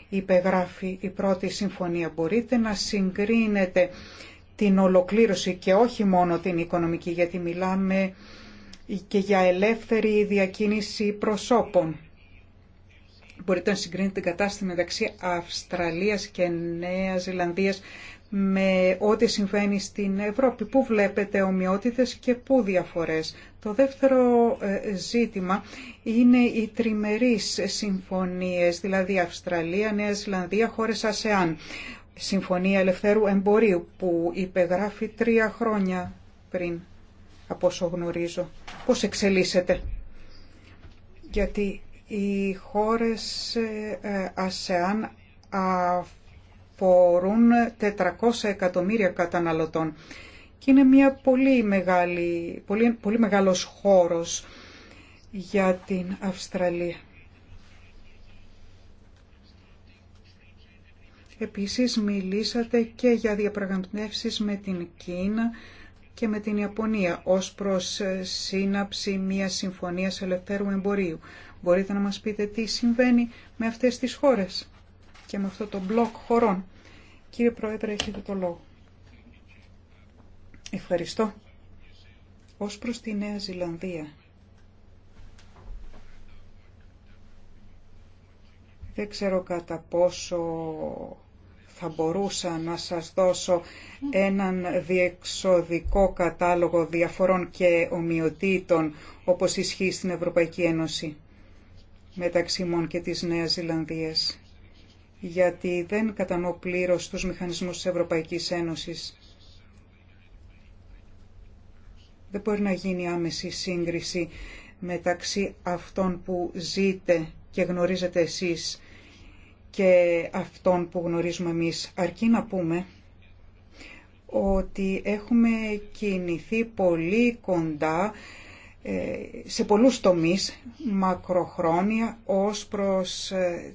υπεγράφει η πρώτη συμφωνία. Μπορείτε να συγκρίνετε την ολοκλήρωση και όχι μόνο την οικονομική, γιατί μιλάμε και για ελεύθερη διακίνηση προσώπων. Μπορείτε να συγκρίνετε την κατάσταση μεταξύ Αυστραλίας και Νέας Ζηλανδίας με ό,τι συμβαίνει στην Ευρώπη. Πού βλέπετε ομοιότητες και πού διαφορές. Το δεύτερο ε, ζήτημα είναι οι τριμερείς συμφωνίες, δηλαδή Αυστραλία, Νέα Ζηλανδία, χώρες ΑΣΕΑΝ. Συμφωνία Ελευθέρου Εμπορίου που υπεγράφει τρία χρόνια πριν, από όσο γνωρίζω. Πώς εξελίσσεται. Γιατί οι χώρες ε, ε, ΑΣΕΑΝ αφορούν 400 εκατομμύρια καταναλωτών και είναι μια πολύ, μεγάλη, πολύ, πολύ μεγάλος χώρος για την Αυστραλία. Επίσης μιλήσατε και για διαπραγματεύσεις με την Κίνα και με την Ιαπωνία ως προς ε, σύναψη μιας συμφωνίας ελευθέρου εμπορίου. Μπορείτε να μας πείτε τι συμβαίνει με αυτές τις χώρες και με αυτό το μπλοκ χωρών. Κύριε Πρόεδρε, έχετε το λόγο. Ευχαριστώ. Ως προς τη Νέα Ζηλανδία. Δεν ξέρω κατά πόσο θα μπορούσα να σας δώσω έναν διεξοδικό κατάλογο διαφορών και ομοιοτήτων όπως ισχύει στην Ευρωπαϊκή Ένωση μεταξύ μου και της Νέας Ζηλανδίας, γιατί δεν κατανοώ πλήρως τους μηχανισμούς της Ευρωπαϊκής Ένωσης. Δεν μπορεί να γίνει άμεση σύγκριση μεταξύ αυτών που ζείτε και γνωρίζετε εσείς και αυτών που γνωρίζουμε εμείς, αρκεί να πούμε ότι έχουμε κινηθεί πολύ κοντά ε, σε πολλούς τομείς μακροχρόνια ως προς ε,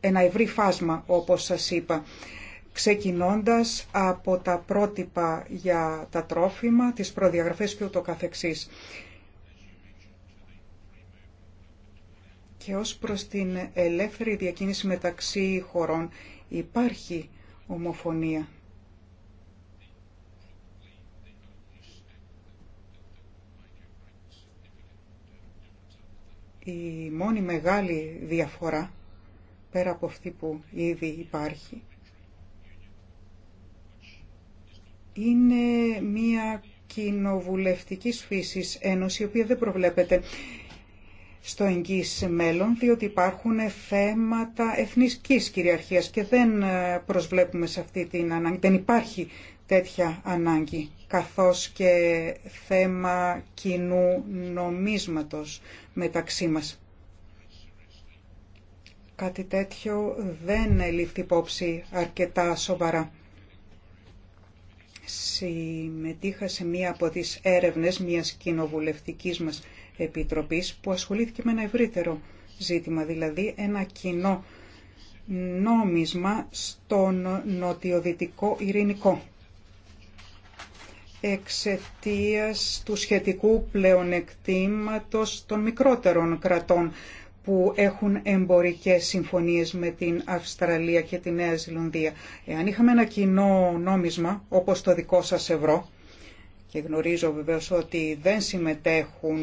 ένα ευρύ φάσμα όπως σας είπα ξεκινώντας από τα πρότυπα για τα τρόφιμα, τις προδιαγραφές και ούτω καθεξής. Και ως προς την ελεύθερη διακίνηση μεταξύ χωρών υπάρχει ομοφωνία. η μόνη μεγάλη διαφορά, πέρα από αυτή που ήδη υπάρχει, είναι μια κοινοβουλευτική φύσης ένωση, η οποία δεν προβλέπεται στο εγγύς μέλλον, διότι υπάρχουν θέματα εθνικής κυριαρχίας και δεν ε, προσβλέπουμε σε αυτή την ανάγκη, δεν υπάρχει τέτοια ανάγκη καθώς και θέμα κοινού νομίσματος μεταξύ μας. Κάτι τέτοιο δεν λήφθη υπόψη αρκετά σοβαρά. Συμμετείχα σε μία από τις έρευνες μιας κοινοβουλευτικής μας επιτροπής που ασχολήθηκε με ένα ευρύτερο ζήτημα, δηλαδή ένα κοινό νόμισμα στον νοτιοδυτικό ειρηνικό εξαιτίας του σχετικού πλεονεκτήματος των μικρότερων κρατών που έχουν εμπορικές συμφωνίες με την Αυστραλία και τη Νέα Ζηλανδία. Εάν είχαμε ένα κοινό νόμισμα, όπως το δικό σας ευρώ, και γνωρίζω βεβαίως ότι δεν συμμετέχουν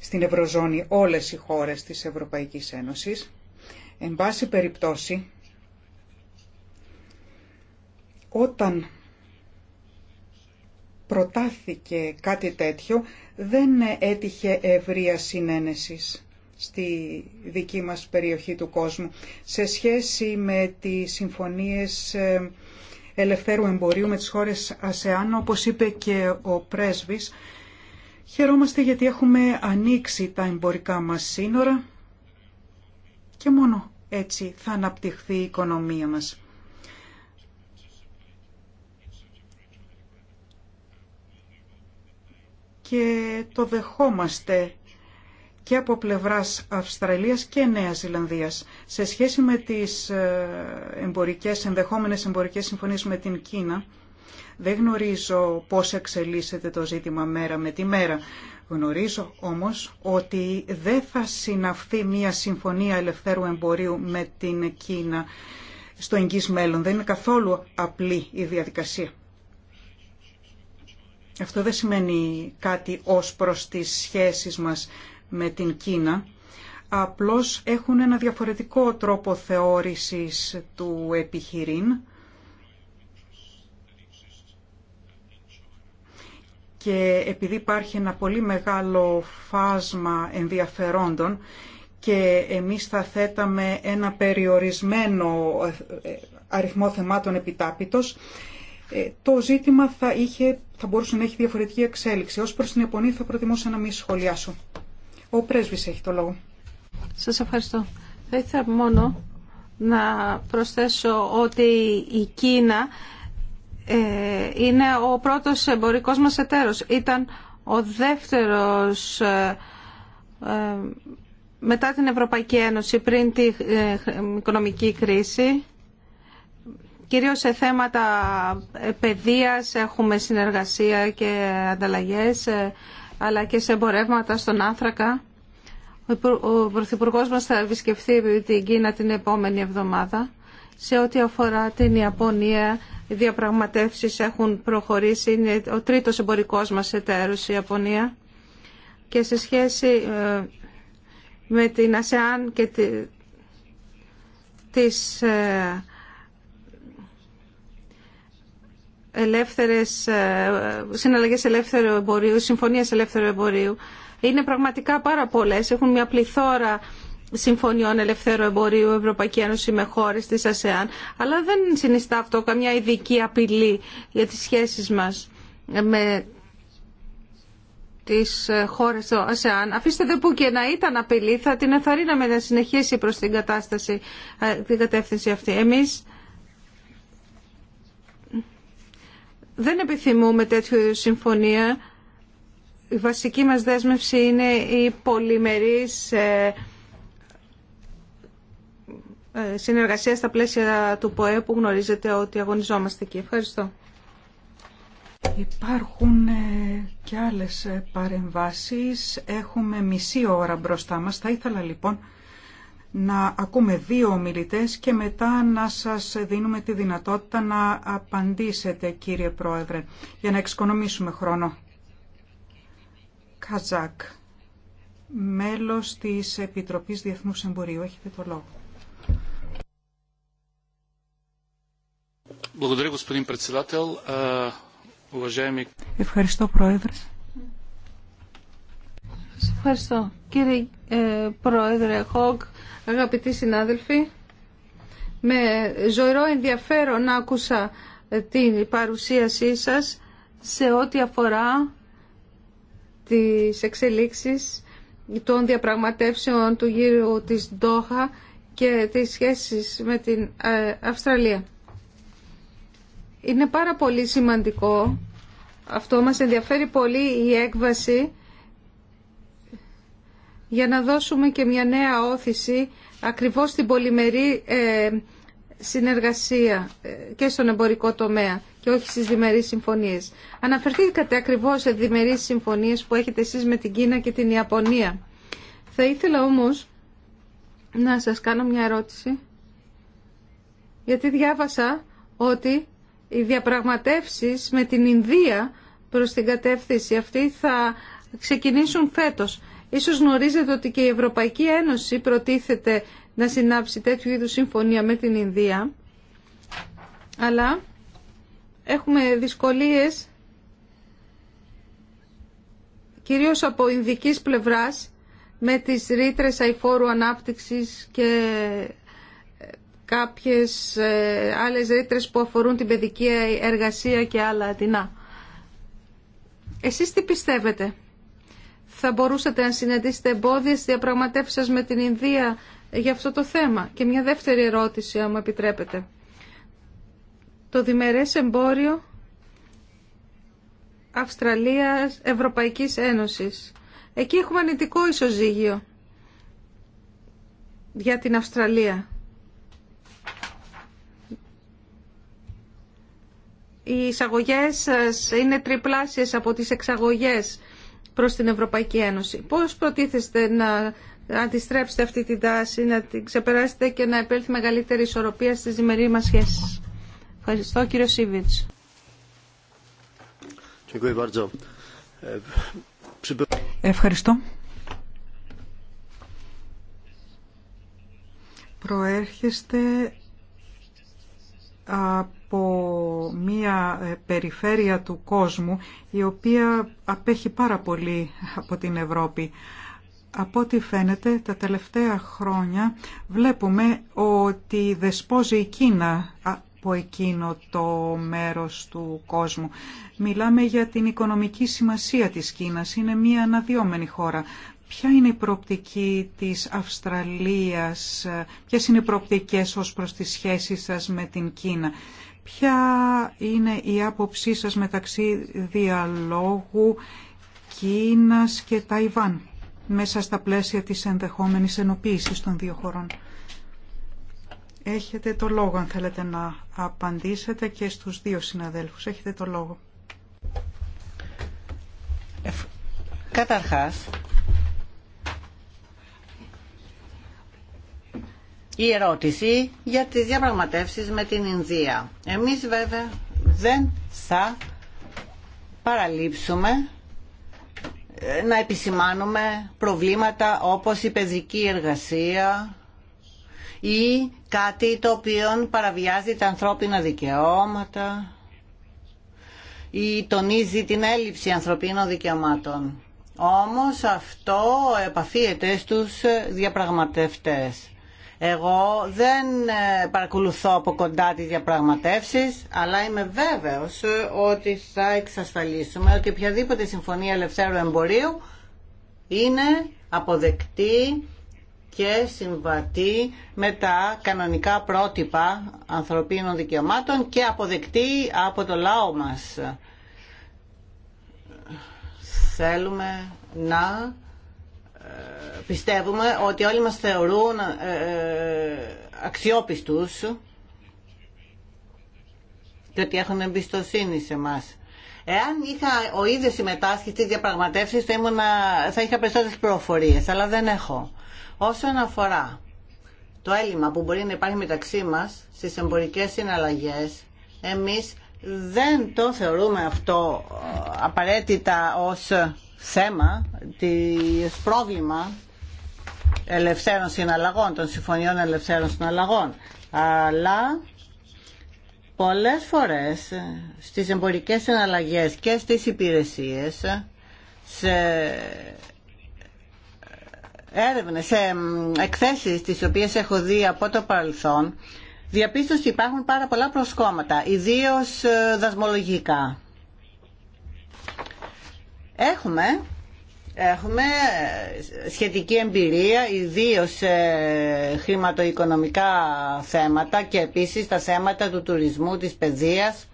στην Ευρωζώνη όλες οι χώρες της Ευρωπαϊκής Ένωσης, εν πάση περιπτώσει, όταν προτάθηκε κάτι τέτοιο δεν έτυχε ευρεία συνένεση στη δική μας περιοχή του κόσμου σε σχέση με τις συμφωνίες ε, ελευθέρου εμπορίου με τις χώρες ΑΣΕΑΝ όπως είπε και ο πρέσβης χαιρόμαστε γιατί έχουμε ανοίξει τα εμπορικά μας σύνορα και μόνο έτσι θα αναπτυχθεί η οικονομία μας και το δεχόμαστε και από πλευράς Αυστραλίας και Νέας Ζηλανδίας. Σε σχέση με τις ε, εμπορικές, ενδεχόμενες εμπορικές συμφωνίες με την Κίνα, δεν γνωρίζω πώς εξελίσσεται το ζήτημα μέρα με τη μέρα. Γνωρίζω όμως ότι δεν θα συναυθεί μια συμφωνία ελευθέρου εμπορίου με την Κίνα στο εγγύς μέλλον. Δεν είναι καθόλου απλή η διαδικασία. Αυτό δεν σημαίνει κάτι ως προς τις σχέσεις μας με την Κίνα. Απλώς έχουν ένα διαφορετικό τρόπο θεώρησης του επιχειρήν και επειδή υπάρχει ένα πολύ μεγάλο φάσμα ενδιαφερόντων και εμείς θα θέταμε ένα περιορισμένο αριθμό θεμάτων επιτάπητος, ε, το ζήτημα θα, είχε, θα μπορούσε να έχει διαφορετική εξέλιξη. Ως προς την Ιαπωνία θα προτιμούσα να μην σχολιάσω. Ο πρέσβης έχει το λόγο. Σας ευχαριστώ. Θα ήθελα μόνο να προσθέσω ότι η Κίνα ε, είναι ο πρώτος εμπορικός μας εταίρος. Ήταν ο δεύτερος ε, μετά την Ευρωπαϊκή Ένωση πριν την οικονομική κρίση Κυρίως σε θέματα ε, παιδείας έχουμε συνεργασία και ανταλλαγές, ε, αλλά και σε εμπορεύματα στον άνθρακα. Ο Πρωθυπουργό μας θα επισκεφθεί την Κίνα την επόμενη εβδομάδα. Σε ό,τι αφορά την Ιαπωνία, οι διαπραγματεύσεις έχουν προχωρήσει. Είναι ο τρίτος εμπορικός μας εταίρος η Ιαπωνία. Και σε σχέση ε, με την ΑΣΕΑΝ και τη, τις ελεύθερες, ε, συναλλαγές ελεύθερου εμπορίου, συμφωνίες ελεύθερου εμπορίου. Είναι πραγματικά πάρα πολλέ Έχουν μια πληθώρα συμφωνιών ελευθέρου εμπορίου Ευρωπαϊκή Ένωση με χώρες της ΑΣΕΑΝ. Αλλά δεν συνιστά αυτό καμιά ειδική απειλή για τις σχέσεις μας με τις ε, χώρες του ΑΣΕΑΝ. Αφήστε δε που και να ήταν απειλή θα την εθαρρύναμε να συνεχίσει προς την κατάσταση, ε, την κατεύθυνση αυτή. Εμείς Δεν επιθυμούμε τέτοιου συμφωνία. Η βασική μας δέσμευση είναι η πολυμερής ε, ε, συνεργασία στα πλαίσια του ΠΟΕ που γνωρίζετε ότι αγωνιζόμαστε εκεί. Ευχαριστώ. Υπάρχουν ε, και άλλες παρεμβάσεις. Έχουμε μισή ώρα μπροστά μας. Θα ήθελα λοιπόν να ακούμε δύο ομιλητές και μετά να σας δίνουμε τη δυνατότητα να απαντήσετε κύριε Πρόεδρε για να εξοικονομήσουμε χρόνο. Καζάκ, μέλος της Επιτροπής Διεθνούς Εμπορίου. Έχετε το λόγο. Ευχαριστώ Πρόεδρε. Ευχαριστώ. Κύριε ε, Πρόεδρε Χόγκ, Αγαπητοί συνάδελφοι, με ζωηρό ενδιαφέρον άκουσα την παρουσίασή σας σε ό,τι αφορά τις εξελίξεις των διαπραγματεύσεων του γύρου της Ντόχα και τις σχέσεις με την ε, Αυστραλία. Είναι πάρα πολύ σημαντικό αυτό μας ενδιαφέρει πολύ η έκβαση για να δώσουμε και μια νέα όθηση ακριβώς στην πολυμερή ε, συνεργασία ε, και στον εμπορικό τομέα και όχι στις διμερείς συμφωνίες. Αναφερθήκατε ακριβώς σε διμερείς συμφωνίες που έχετε εσείς με την Κίνα και την Ιαπωνία. Θα ήθελα όμως να σας κάνω μια ερώτηση γιατί διάβασα ότι οι διαπραγματεύσεις με την Ινδία προς την κατεύθυνση αυτή θα ξεκινήσουν φέτος. Ίσως γνωρίζετε ότι και η Ευρωπαϊκή Ένωση προτίθεται να συνάψει τέτοιου είδους συμφωνία με την Ινδία, αλλά έχουμε δυσκολίες κυρίως από ινδικής πλευράς με τις ρήτρε αηφόρου ανάπτυξης και ε, κάποιες ε, άλλες ρήτρε που αφορούν την παιδική εργασία και άλλα ατινά. Εσείς τι πιστεύετε θα μπορούσατε να συναντήσετε εμπόδια στη με την Ινδία για αυτό το θέμα. Και μια δεύτερη ερώτηση, αν μου επιτρέπετε. Το διμερές εμπόριο Αυστραλίας Ευρωπαϊκής Ένωσης. Εκεί έχουμε ανητικό ισοζύγιο για την Αυστραλία. Οι εισαγωγές σας είναι τριπλάσιες από τις εξαγωγές προς την Ευρωπαϊκή Ένωση. Πώς προτίθεστε να αντιστρέψετε αυτή την τάση, να την ξεπεράσετε και να επέλθει μεγαλύτερη ισορροπία στις διμερείς μας σχέσεις. Ευχαριστώ κύριο Σίβιτς. Ευχαριστώ. Προέρχεστε από μια ε, περιφέρεια του κόσμου η οποία απέχει πάρα πολύ από την Ευρώπη. Από ό,τι φαίνεται τα τελευταία χρόνια βλέπουμε ότι δεσπόζει η Κίνα από εκείνο το μέρος του κόσμου. Μιλάμε για την οικονομική σημασία της Κίνας. Είναι μια αναδυόμενη χώρα. Ποια είναι η προοπτική της Αυστραλίας, ε, ποιες είναι οι προοπτικές ως προς τις σχέσεις σας με την Κίνα Ποια είναι η άποψή σας μεταξύ διαλόγου Κίνας και Ταϊβάν μέσα στα πλαίσια της ενδεχόμενης ενοποίησης των δύο χωρών. Έχετε το λόγο αν θέλετε να απαντήσετε και στους δύο συναδέλφους. Έχετε το λόγο. Καταρχάς, η ερώτηση για τις διαπραγματεύσεις με την Ινδία. Εμείς βέβαια δεν θα παραλείψουμε ε, να επισημάνουμε προβλήματα όπως η παιδική εργασία ή κάτι το οποίο παραβιάζει τα ανθρώπινα δικαιώματα ή τονίζει την έλλειψη ανθρωπίνων δικαιωμάτων. Όμως αυτό επαφίεται στους διαπραγματευτές. Εγώ δεν ε, παρακολουθώ από κοντά τις διαπραγματεύσεις, αλλά είμαι βέβαιος ε, ότι θα εξασφαλίσουμε ότι οποιαδήποτε συμφωνία ελευθέρου εμπορίου είναι αποδεκτή και συμβατή με τα κανονικά πρότυπα ανθρωπίνων δικαιωμάτων και αποδεκτή από το λαό μας. Θέλουμε να πιστεύουμε ότι όλοι μας θεωρούν ε, ε, αξιόπιστους και ότι έχουν εμπιστοσύνη σε εμά. Εάν είχα ο ίδιος συμμετάσχει στις διαπραγματεύσεις θα, θα είχα περισσότερες προφορίες, αλλά δεν έχω. Όσον αφορά το έλλειμμα που μπορεί να υπάρχει μεταξύ μας στις εμπορικές συναλλαγές, εμείς δεν το θεωρούμε αυτό ε, απαραίτητα ως θέμα, τη πρόβλημα ελευθέρων συναλλαγών, των συμφωνιών ελευθέρων συναλλαγών. Αλλά πολλές φορές στις εμπορικές συναλλαγές και στις υπηρεσίες, σε έρευνες, σε εκθέσεις τις οποίες έχω δει από το παρελθόν, διαπίστωση υπάρχουν πάρα πολλά προσκόμματα, ιδίως ε, δασμολογικά. Έχουμε Έχουμε ε, σχετική εμπειρία, ιδίω σε χρηματοοικονομικά θέματα και επίσης τα θέματα του τουρισμού, της παιδείας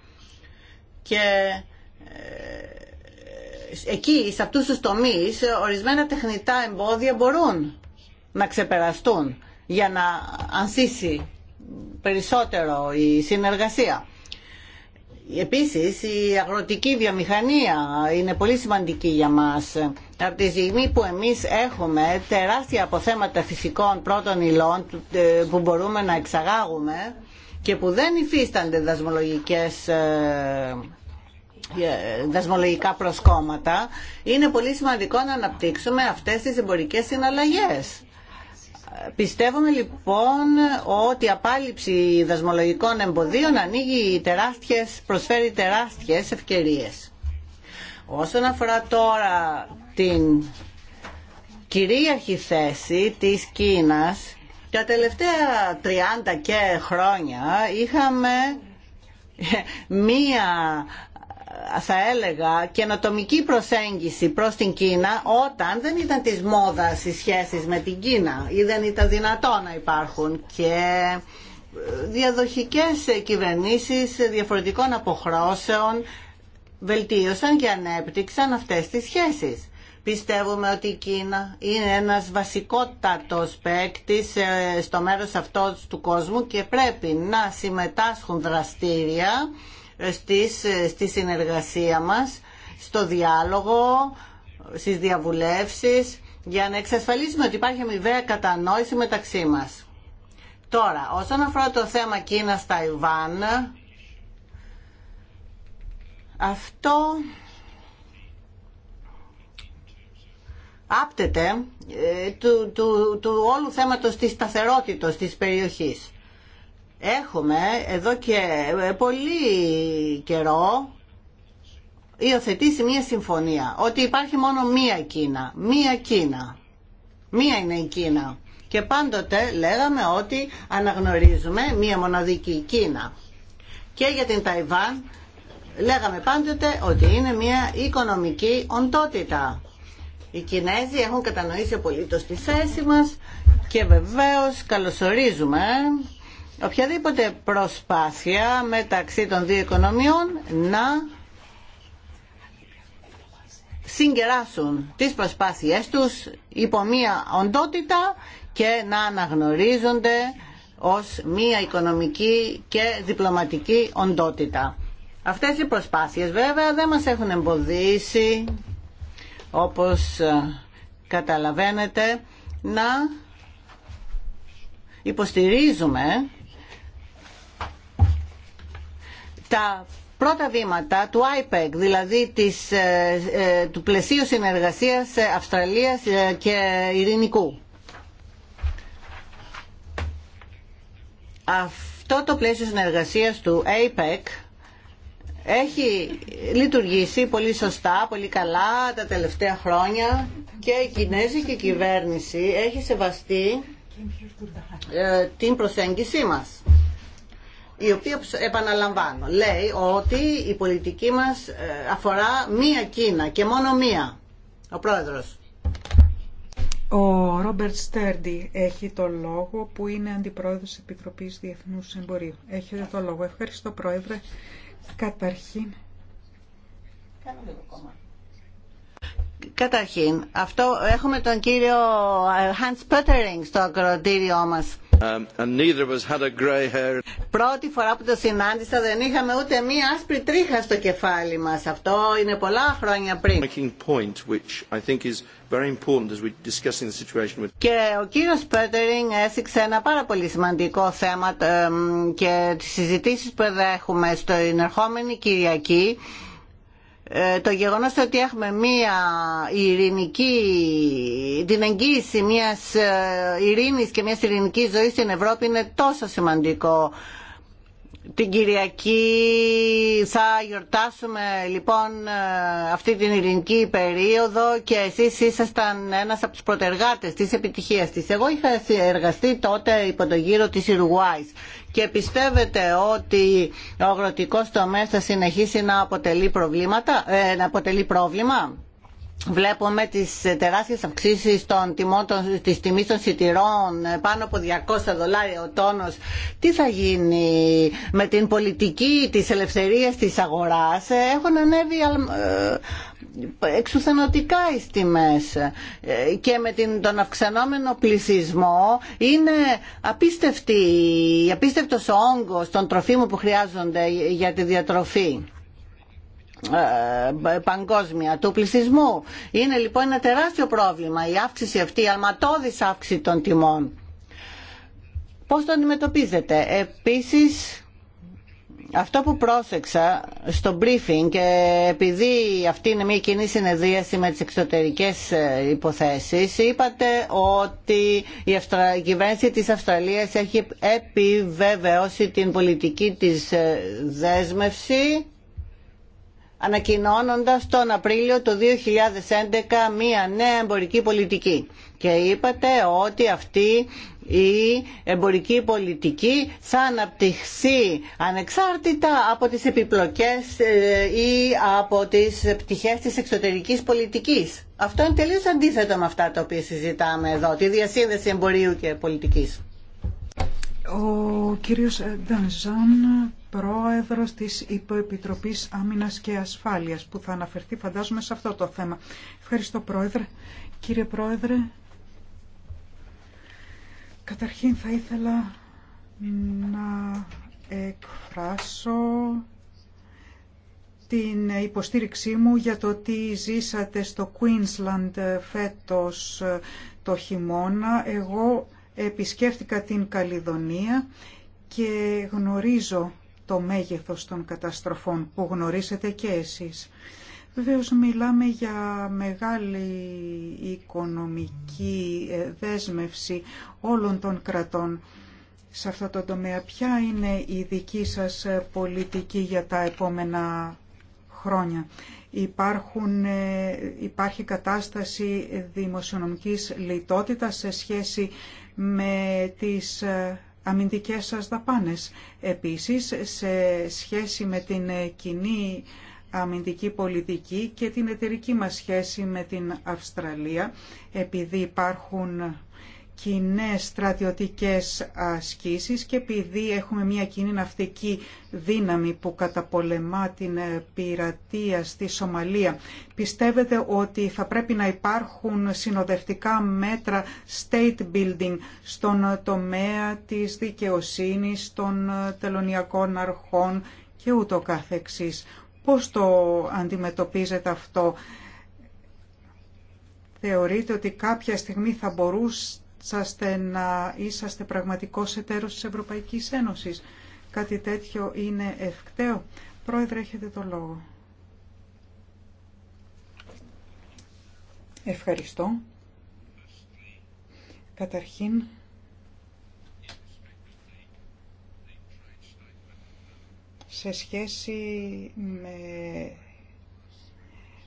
και ε, εκεί, σε αυτούς τους τομείς, ορισμένα τεχνητά εμπόδια μπορούν να ξεπεραστούν για να ανθίσει περισσότερο η συνεργασία. Επίσης η αγροτική βιομηχανία είναι πολύ σημαντική για μας. Από τη στιγμή που εμείς έχουμε τεράστια αποθέματα φυσικών πρώτων υλών ε, που μπορούμε να εξαγάγουμε και που δεν υφίστανται δασμολογικές ε, ε, δασμολογικά προσκόμματα, είναι πολύ σημαντικό να αναπτύξουμε αυτές τις εμπορικές συναλλαγές. Πιστεύουμε λοιπόν ότι η απάλληψη δασμολογικών εμποδίων ανοίγει τεράστιες, προσφέρει τεράστιες ευκαιρίες. Όσον αφορά τώρα την κυρίαρχη θέση της Κίνας, τα τελευταία 30 και χρόνια είχαμε μία θα έλεγα καινοτομική προσέγγιση προς την Κίνα όταν δεν ήταν της μόδας οι σχέσεις με την Κίνα ή δεν ήταν δυνατό να υπάρχουν και ε, διαδοχικές κυβερνήσεις διαφορετικών αποχρώσεων βελτίωσαν και ανέπτυξαν αυτές τις σχέσεις. Πιστεύουμε ότι η Κίνα είναι ένας βασικότατος παίκτη στο μέρος αυτό του κόσμου και πρέπει να συμμετάσχουν δραστήρια στις, στη συνεργασία μας, στο διάλογο, στις διαβουλεύσεις, για να εξασφαλίσουμε ότι υπάρχει αμοιβαία κατανόηση μεταξύ μας. Τώρα, όσον αφορά το θέμα Κίνας-Ταϊβάν, αυτό άπτεται ε, του, του, όλου θέματος της σταθερότητας της περιοχής. Έχουμε εδώ και ε, πολύ καιρό υιοθετήσει μία συμφωνία ότι υπάρχει μόνο μία Κίνα, μία Κίνα, μία είναι η Κίνα και πάντοτε λέγαμε ότι αναγνωρίζουμε μία μοναδική Κίνα και για την Ταϊβάν λέγαμε πάντοτε ότι είναι μία οικονομική οντότητα. Οι Κινέζοι έχουν κατανοήσει απολύτως τη θέση μας και βεβαίως καλωσορίζουμε οποιαδήποτε προσπάθεια μεταξύ των δύο οικονομιών να συγκεράσουν τις προσπάθειές τους υπό μία οντότητα και να αναγνωρίζονται ως μία οικονομική και διπλωματική οντότητα. Αυτές οι προσπάθειες βέβαια δεν μας έχουν εμποδίσει όπως ε, καταλαβαίνετε να υποστηρίζουμε τα πρώτα βήματα του IPEC, δηλαδή της, ε, ε, του πλαισίου συνεργασίας Αυστραλίας ε, και Ειρηνικού. Αυτό το πλαίσιο συνεργασίας του APEC έχει λειτουργήσει πολύ σωστά, πολύ καλά τα τελευταία χρόνια και η Κινέζικη κυβέρνηση έχει σεβαστεί την προσέγγιση μας η οποία επαναλαμβάνω λέει ότι η πολιτική μας ε, αφορά μία Κίνα και μόνο μία. Ο πρόεδρος. Ο Ρόμπερτ Στέρντι έχει το λόγο που είναι αντιπρόεδρος Επιτροπής Διεθνούς Εμπορίου. Έχετε το λόγο. Ευχαριστώ πρόεδρε. Καταρχήν. Καταρχήν, αυτό έχουμε τον κύριο ε, Hans Pöttering στο ακροτήριό μας Um, Πρώτη φορά που το συνάντησα δεν είχαμε ούτε μία άσπρη τρίχα στο κεφάλι μας. Αυτό είναι πολλά χρόνια πριν. Και ο κύριος Πέτερινγκ έσυξε ένα πάρα πολύ σημαντικό θέμα ε, και τις συζητήσεις που έχουμε στο ερχόμενη Κυριακή ε, το γεγονός ότι έχουμε μία ειρηνική, την εγγύηση μιας ε, ειρήνης και μιας ειρηνικής ζωής στην Ευρώπη είναι τόσο σημαντικό την Κυριακή θα γιορτάσουμε λοιπόν ε, αυτή την ειρηνική περίοδο και εσείς ήσασταν ένας από τους προτεργάτες της επιτυχίας της. Εγώ είχα εργαστεί τότε υπό τον γύρο της Ιρουάης και πιστεύετε ότι ο αγροτικός τομέας θα συνεχίσει να αποτελεί, προβλήματα, ε, να αποτελεί πρόβλημα βλέπουμε τις τεράστιες αυξήσεις των τιμών των, της των σιτηρών πάνω από 200 δολάρια ο τόνος τι θα γίνει με την πολιτική της ελευθερίας της αγοράς έχουν ανέβει ε, εξουθενωτικά οι τιμές ε, και με την, τον αυξανόμενο πληθυσμό είναι απίστευτο. απίστευτος ο όγκος των τροφίμων που χρειάζονται για τη διατροφή ε, ε, παγκόσμια του πληθυσμού. Είναι λοιπόν ένα τεράστιο πρόβλημα η αύξηση αυτή, η αλματώδης αύξηση των τιμών. Πώς το αντιμετωπίζετε. Επίσης, αυτό που πρόσεξα στο briefing και επειδή αυτή είναι μια κοινή συνεδρίαση με τις εξωτερικές ε, υποθέσεις είπατε ότι η, Αυστρα... κυβέρνηση της Αυστραλίας έχει επιβεβαιώσει την πολιτική της δέσμευση ανακοινώνοντας τον Απρίλιο του 2011 μία νέα εμπορική πολιτική. Και είπατε ότι αυτή η εμπορική πολιτική θα αναπτυχθεί ανεξάρτητα από τις επιπλοκές ε, ή από τις πτυχές της εξωτερικής πολιτικής. Αυτό είναι τελείως αντίθετο με αυτά τα οποία συζητάμε εδώ, τη διασύνδεση εμπορίου και πολιτικής. Ο κύριος Ντανζάν, πρόεδρος της Υποεπιτροπής Άμυνας και Ασφάλειας, που θα αναφερθεί φαντάζομαι σε αυτό το θέμα. Ευχαριστώ πρόεδρε. Κύριε πρόεδρε, καταρχήν θα ήθελα να εκφράσω την υποστήριξή μου για το τι ζήσατε στο Queensland φέτος το χειμώνα. Εγώ επισκέφτηκα την Καλιδονία και γνωρίζω το μέγεθος των καταστροφών που γνωρίζετε και εσείς. Βεβαίω μιλάμε για μεγάλη οικονομική ε, δέσμευση όλων των κρατών σε αυτό το τομέα. Ποια είναι η δική σας ε, πολιτική για τα επόμενα χρόνια. Υπάρχουν, ε, υπάρχει κατάσταση δημοσιονομικής λιτότητας σε σχέση με τις ε, αμυντικές σας δαπάνες. Επίσης, σε σχέση με την ε, κοινή αμυντική πολιτική και την εταιρική μας σχέση με την Αυστραλία, επειδή υπάρχουν κοινέ στρατιωτικές ασκήσεις και επειδή έχουμε μια κοινή ναυτική δύναμη που καταπολεμά την ε, πειρατεία στη Σομαλία, πιστεύετε ότι θα πρέπει να υπάρχουν συνοδευτικά μέτρα state building στον ε, τομέα της δικαιοσύνης, των ε, τελωνιακών αρχών και ούτω καθεξής. Πώς το αντιμετωπίζετε αυτό. Θεωρείτε ότι κάποια στιγμή θα μπορούσε σαστε να είσαστε πραγματικός εταίρος της Ευρωπαϊκής Ένωσης. Κάτι τέτοιο είναι ευκταίο. Πρόεδρε, έχετε το λόγο. Ευχαριστώ. Καταρχήν, σε σχέση με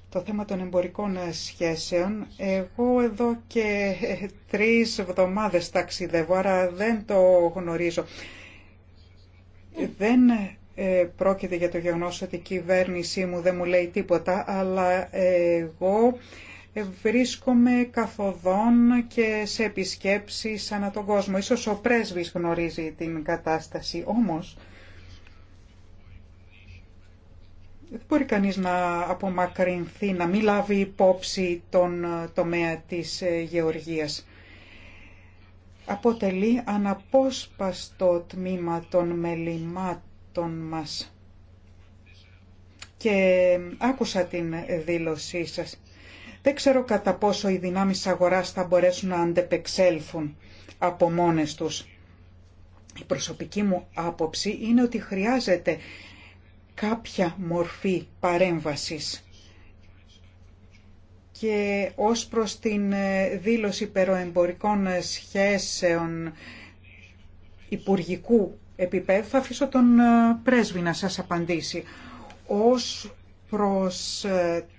το θέμα των εμπορικών ε, σχέσεων. Εγώ εδώ και ε, τρεις εβδομάδες ταξιδεύω, άρα δεν το γνωρίζω. Δεν ε, πρόκειται για το γεγονός ότι η κυβέρνησή μου δεν μου λέει τίποτα, αλλά εγώ βρίσκομαι καθοδόν και σε επισκέψεις ανά τον κόσμο. Ίσως ο πρέσβης γνωρίζει την κατάσταση, όμως Δεν μπορεί κανείς να απομακρυνθεί, να μην λάβει υπόψη τον ε, τομέα της ε, γεωργίας. Αποτελεί αναπόσπαστο τμήμα των μελημάτων μας. Και ε, άκουσα την δήλωσή σας. Δεν ξέρω κατά πόσο οι δυνάμεις αγοράς θα μπορέσουν να αντεπεξέλθουν από μόνες τους. Η προσωπική μου άποψη είναι ότι χρειάζεται κάποια μορφή παρέμβασης. Και ως προς την ε, δήλωση περοεμπορικών ε, σχέσεων υπουργικού επίπεδου, θα αφήσω τον ε, πρέσβη να σας απαντήσει. Ως προς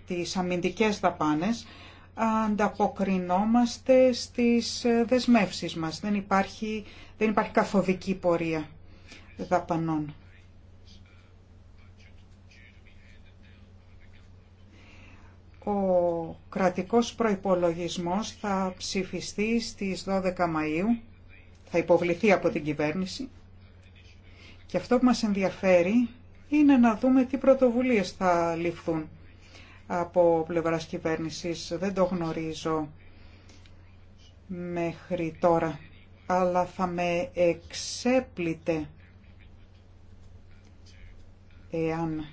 τις αμυντικές δαπάνες, ανταποκρινόμαστε στις δεσμεύσεις μας. Δεν υπάρχει, δεν υπάρχει καθοδική πορεία δαπανών. Ο κρατικός προϋπολογισμός θα ψηφιστεί στις 12 Μαΐου, θα υποβληθεί από την κυβέρνηση. Και αυτό που μας ενδιαφέρει είναι να δούμε τι πρωτοβουλίες θα ληφθούν από πλευράς κυβέρνησης. Δεν το γνωρίζω μέχρι τώρα, αλλά θα με εξέπλητε εάν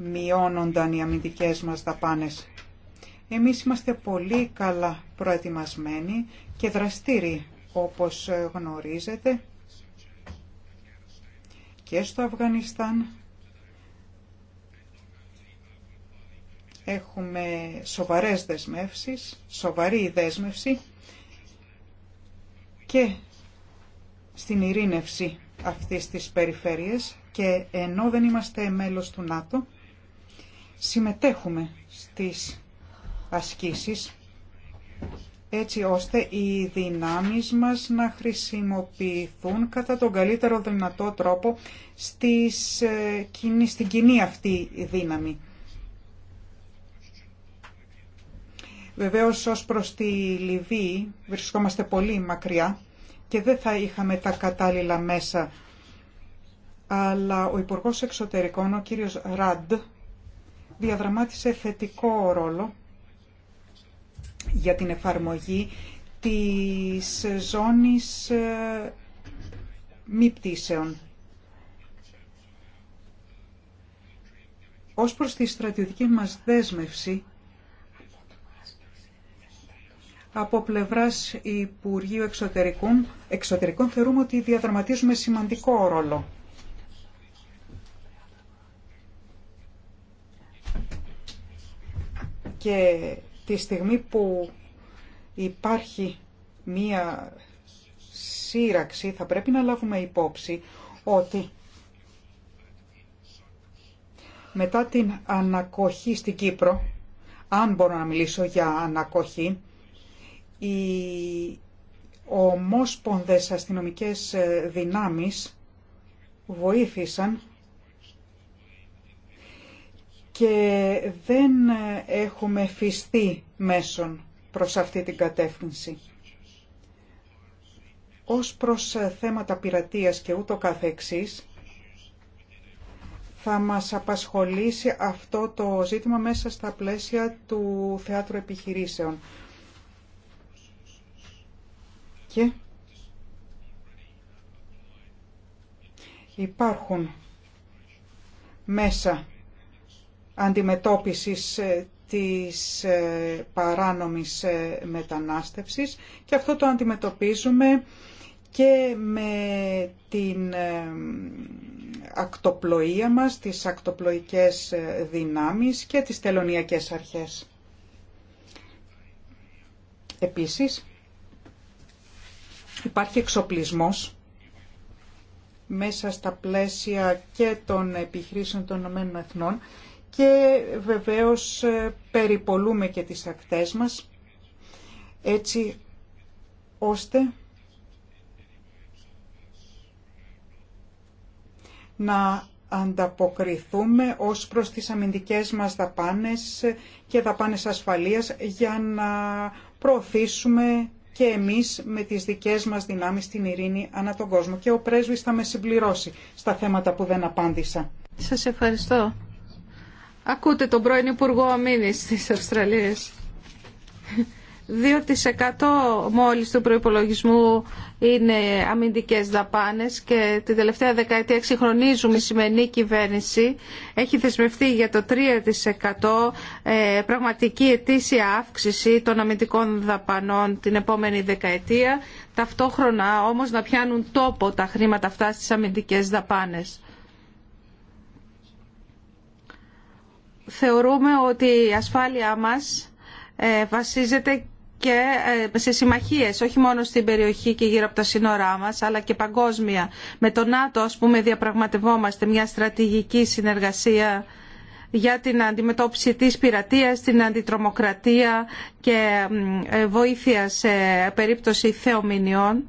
μειώνονταν οι αμυντικές μας δαπάνες. Εμείς είμαστε πολύ καλά προετοιμασμένοι και δραστήριοι, όπως γνωρίζετε, και στο Αφγανιστάν έχουμε σοβαρές δεσμεύσεις, σοβαρή δέσμευση και στην ειρήνευση αυτής της περιφέρειας και ενώ δεν είμαστε μέλος του ΝΑΤΟ, συμμετέχουμε στις ασκήσεις έτσι ώστε οι δυνάμεις μας να χρησιμοποιηθούν κατά τον καλύτερο δυνατό τρόπο στις, ε, στην κοινή αυτή δύναμη. Βεβαίως ως προς τη Λιβύη βρισκόμαστε πολύ μακριά και δεν θα είχαμε τα κατάλληλα μέσα. Αλλά ο Υπουργός Εξωτερικών, ο κύριος Ραντ, διαδραμάτισε θετικό ρόλο για την εφαρμογή της ζώνης ε, μη πτήσεων. Ως προς τη στρατιωτική μας δέσμευση, από πλευράς Υπουργείου Εξωτερικών, Εξωτερικών θεωρούμε ότι διαδραματίζουμε σημαντικό ρόλο. και τη στιγμή που υπάρχει μία σύραξη θα πρέπει να λάβουμε υπόψη ότι μετά την ανακοχή στην Κύπρο, αν μπορώ να μιλήσω για ανακοχή, οι ομόσπονδες αστυνομικές δυνάμεις βοήθησαν και δεν έχουμε φυστεί μέσον προς αυτή την κατεύθυνση. Ως προς θέματα πειρατείας και ούτω καθεξής, θα μας απασχολήσει αυτό το ζήτημα μέσα στα πλαίσια του θεάτρου επιχειρήσεων. Και υπάρχουν μέσα αντιμετώπισης ε, της ε, παράνομης ε, μετανάστευσης και αυτό το αντιμετωπίζουμε και με την ακτοπλοεία μας, τις ακτοπλοϊκές δυνάμεις και τις τελωνιακές αρχές. Επίσης, υπάρχει εξοπλισμός μέσα στα πλαίσια και των επιχειρήσεων των Ηνωμένων Εθνών και βεβαίως ε, περιπολούμε και τις ακτές μας έτσι ώστε να ανταποκριθούμε ως προς τις αμυντικές μας δαπάνες και δαπάνες ασφαλείας για να προωθήσουμε και εμείς με τις δικές μας δυνάμεις την ειρήνη ανά τον κόσμο. Και ο πρέσβης θα με συμπληρώσει στα θέματα που δεν απάντησα. Σας ευχαριστώ. Ακούτε τον πρώην Υπουργό Αμήνης της Αυστραλίας. 2% μόλις του προϋπολογισμού είναι αμυντικές δαπάνες και την τελευταία δεκαετία εξυγχρονίζουμε η σημερινή κυβέρνηση. Έχει δεσμευτεί για το 3% ε, πραγματική ετήσια αύξηση των αμυντικών δαπανών την επόμενη δεκαετία. Ταυτόχρονα όμως να πιάνουν τόπο τα χρήματα αυτά στις αμυντικές δαπάνες. θεωρούμε ότι η ασφάλειά μας ε, βασίζεται και ε, σε συμμαχίες, όχι μόνο στην περιοχή και γύρω από τα σύνορά μας, αλλά και παγκόσμια. Με το ΝΑΤΟ, ας πούμε, διαπραγματευόμαστε μια στρατηγική συνεργασία για την αντιμετώπιση της πειρατείας, την αντιτρομοκρατία και ε, βοήθεια σε περίπτωση θεομηνιών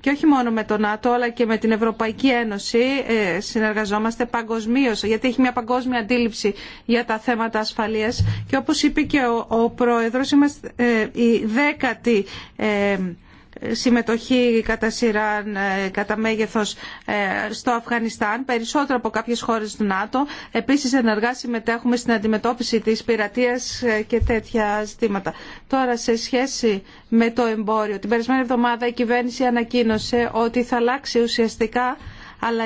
και όχι μόνο με το ΝΑΤΟ αλλά και με την Ευρωπαϊκή Ένωση ε, συνεργαζόμαστε παγκοσμίω, γιατί έχει μια παγκόσμια αντίληψη για τα θέματα ασφαλείας και όπως είπε και ο, ο Πρόεδρος είμαστε ε, η δέκατη ε, συμμετοχή κατά σειρά, ε, κατά μέγεθος ε, στο Αφγανιστάν, περισσότερο από κάποιες χώρες του ΝΑΤΟ. Επίσης ενεργά συμμετέχουμε στην αντιμετώπιση της πειρατείας ε, και τέτοια ζητήματα. Τώρα σε σχέση με το εμπόριο, την περασμένη εβδομάδα η κυβέρνηση ανακοίνωσε ότι θα αλλάξει ουσιαστικά αλλά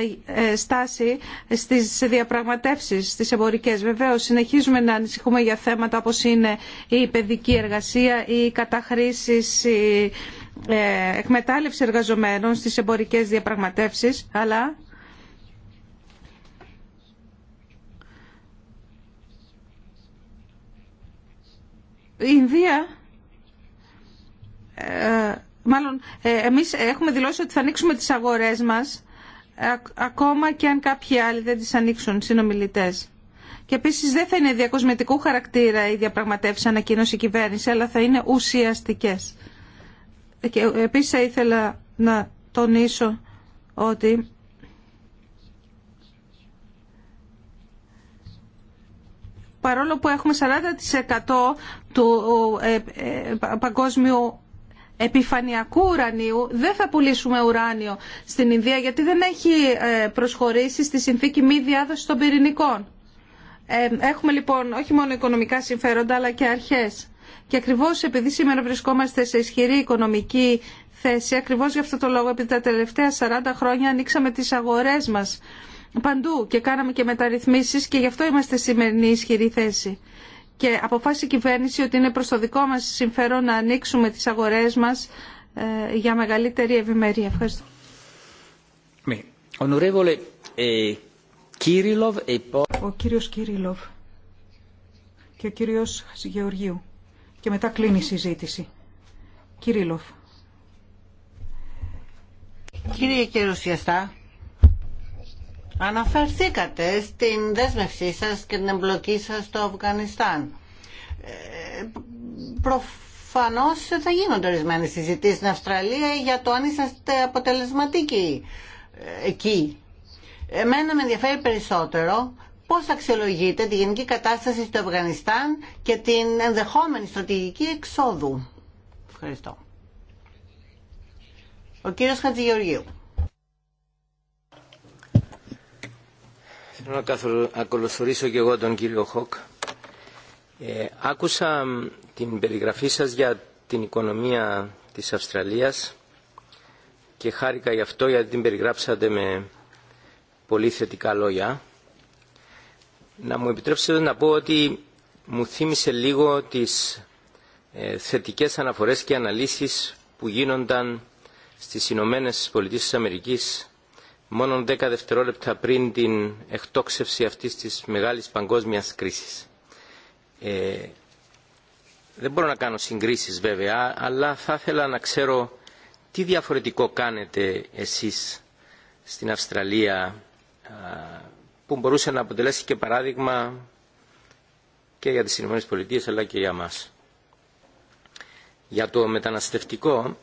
στάση στις διαπραγματεύσεις, στις εμπορικές. Βεβαίως, συνεχίζουμε να ανησυχούμε για θέματα όπως είναι η παιδική εργασία, ή καταχρήσεις, ε, εκμετάλλευση εργαζομένων στις εμπορικές διαπραγματεύσεις, αλλά η Ινδία ε, μάλλον ε, εμείς έχουμε δηλώσει ότι θα ανοίξουμε τις αγορές μας ακόμα και αν κάποιοι άλλοι δεν τις ανοίξουν συνομιλητές. Και επίσης δεν θα είναι διακοσμητικού χαρακτήρα η διαπραγματεύση ανακοίνωση κυβέρνηση, αλλά θα είναι ουσιαστικές. Και επίσης ήθελα να τονίσω ότι παρόλο που έχουμε 40% του ε, ε, παγκόσμιου επιφανειακού ουρανίου, δεν θα πουλήσουμε ουράνιο στην Ινδία γιατί δεν έχει ε, προσχωρήσει στη συνθήκη μη διάδοση των πυρηνικών. Έχουμε λοιπόν όχι μόνο οικονομικά συμφέροντα αλλά και αρχές. Και ακριβώς επειδή σήμερα βρισκόμαστε σε ισχυρή οικονομική θέση, ακριβώς γι' αυτό το λόγο, επειδή τα τελευταία 40 χρόνια ανοίξαμε τι αγορές μας παντού και κάναμε και μεταρρυθμίσεις και γι' αυτό είμαστε σημερινή ισχυρή θέση. Και αποφάσισε η κυβέρνηση ότι είναι προ το δικό μα συμφέρον να ανοίξουμε τις αγορές μας ε, για μεγαλύτερη ευημερία. Ευχαριστώ. Ε, ε, ο κύριος Κύριλοβ και ο κύριος Γεωργίου και μετά κλείνει η συζήτηση. Λόφ. Κύριε Κερουσιαστά, αναφερθήκατε στην δέσμευσή σας και την εμπλοκή σας στο Αφγανιστάν. Ε, προφανώς θα γίνονται ορισμένε συζητήσεις στην Αυστραλία για το αν είσαστε αποτελεσματικοί ε, εκεί. Εμένα με ενδιαφέρει περισσότερο πώς αξιολογείτε τη γενική κατάσταση στο Αφγανιστάν και την ενδεχόμενη στρατηγική εξόδου. Ευχαριστώ. Ο κύριος Χατζηγεωργίου. Θέλω να ακολουθήσω και εγώ τον κύριο Χοκ. Ε, άκουσα την περιγραφή σας για την οικονομία της Αυστραλίας και χάρηκα γι' αυτό γιατί την περιγράψατε με πολύ θετικά λόγια. Να μου επιτρέψετε να πω ότι μου θύμισε λίγο τις ε, θετικές αναφορές και αναλύσεις που γίνονταν στις Ηνωμένε Πολιτείες της Αμερικής μόνο 10 δευτερόλεπτα πριν την εκτόξευση αυτής της μεγάλης παγκόσμιας κρίσης. Ε, δεν μπορώ να κάνω συγκρίσεις βέβαια, αλλά θα ήθελα να ξέρω τι διαφορετικό κάνετε εσείς στην Αυστραλία που μπορούσε να αποτελέσει και παράδειγμα και για τις Ηνωμένες Πολιτείες αλλά και για μας. Για το μεταναστευτικό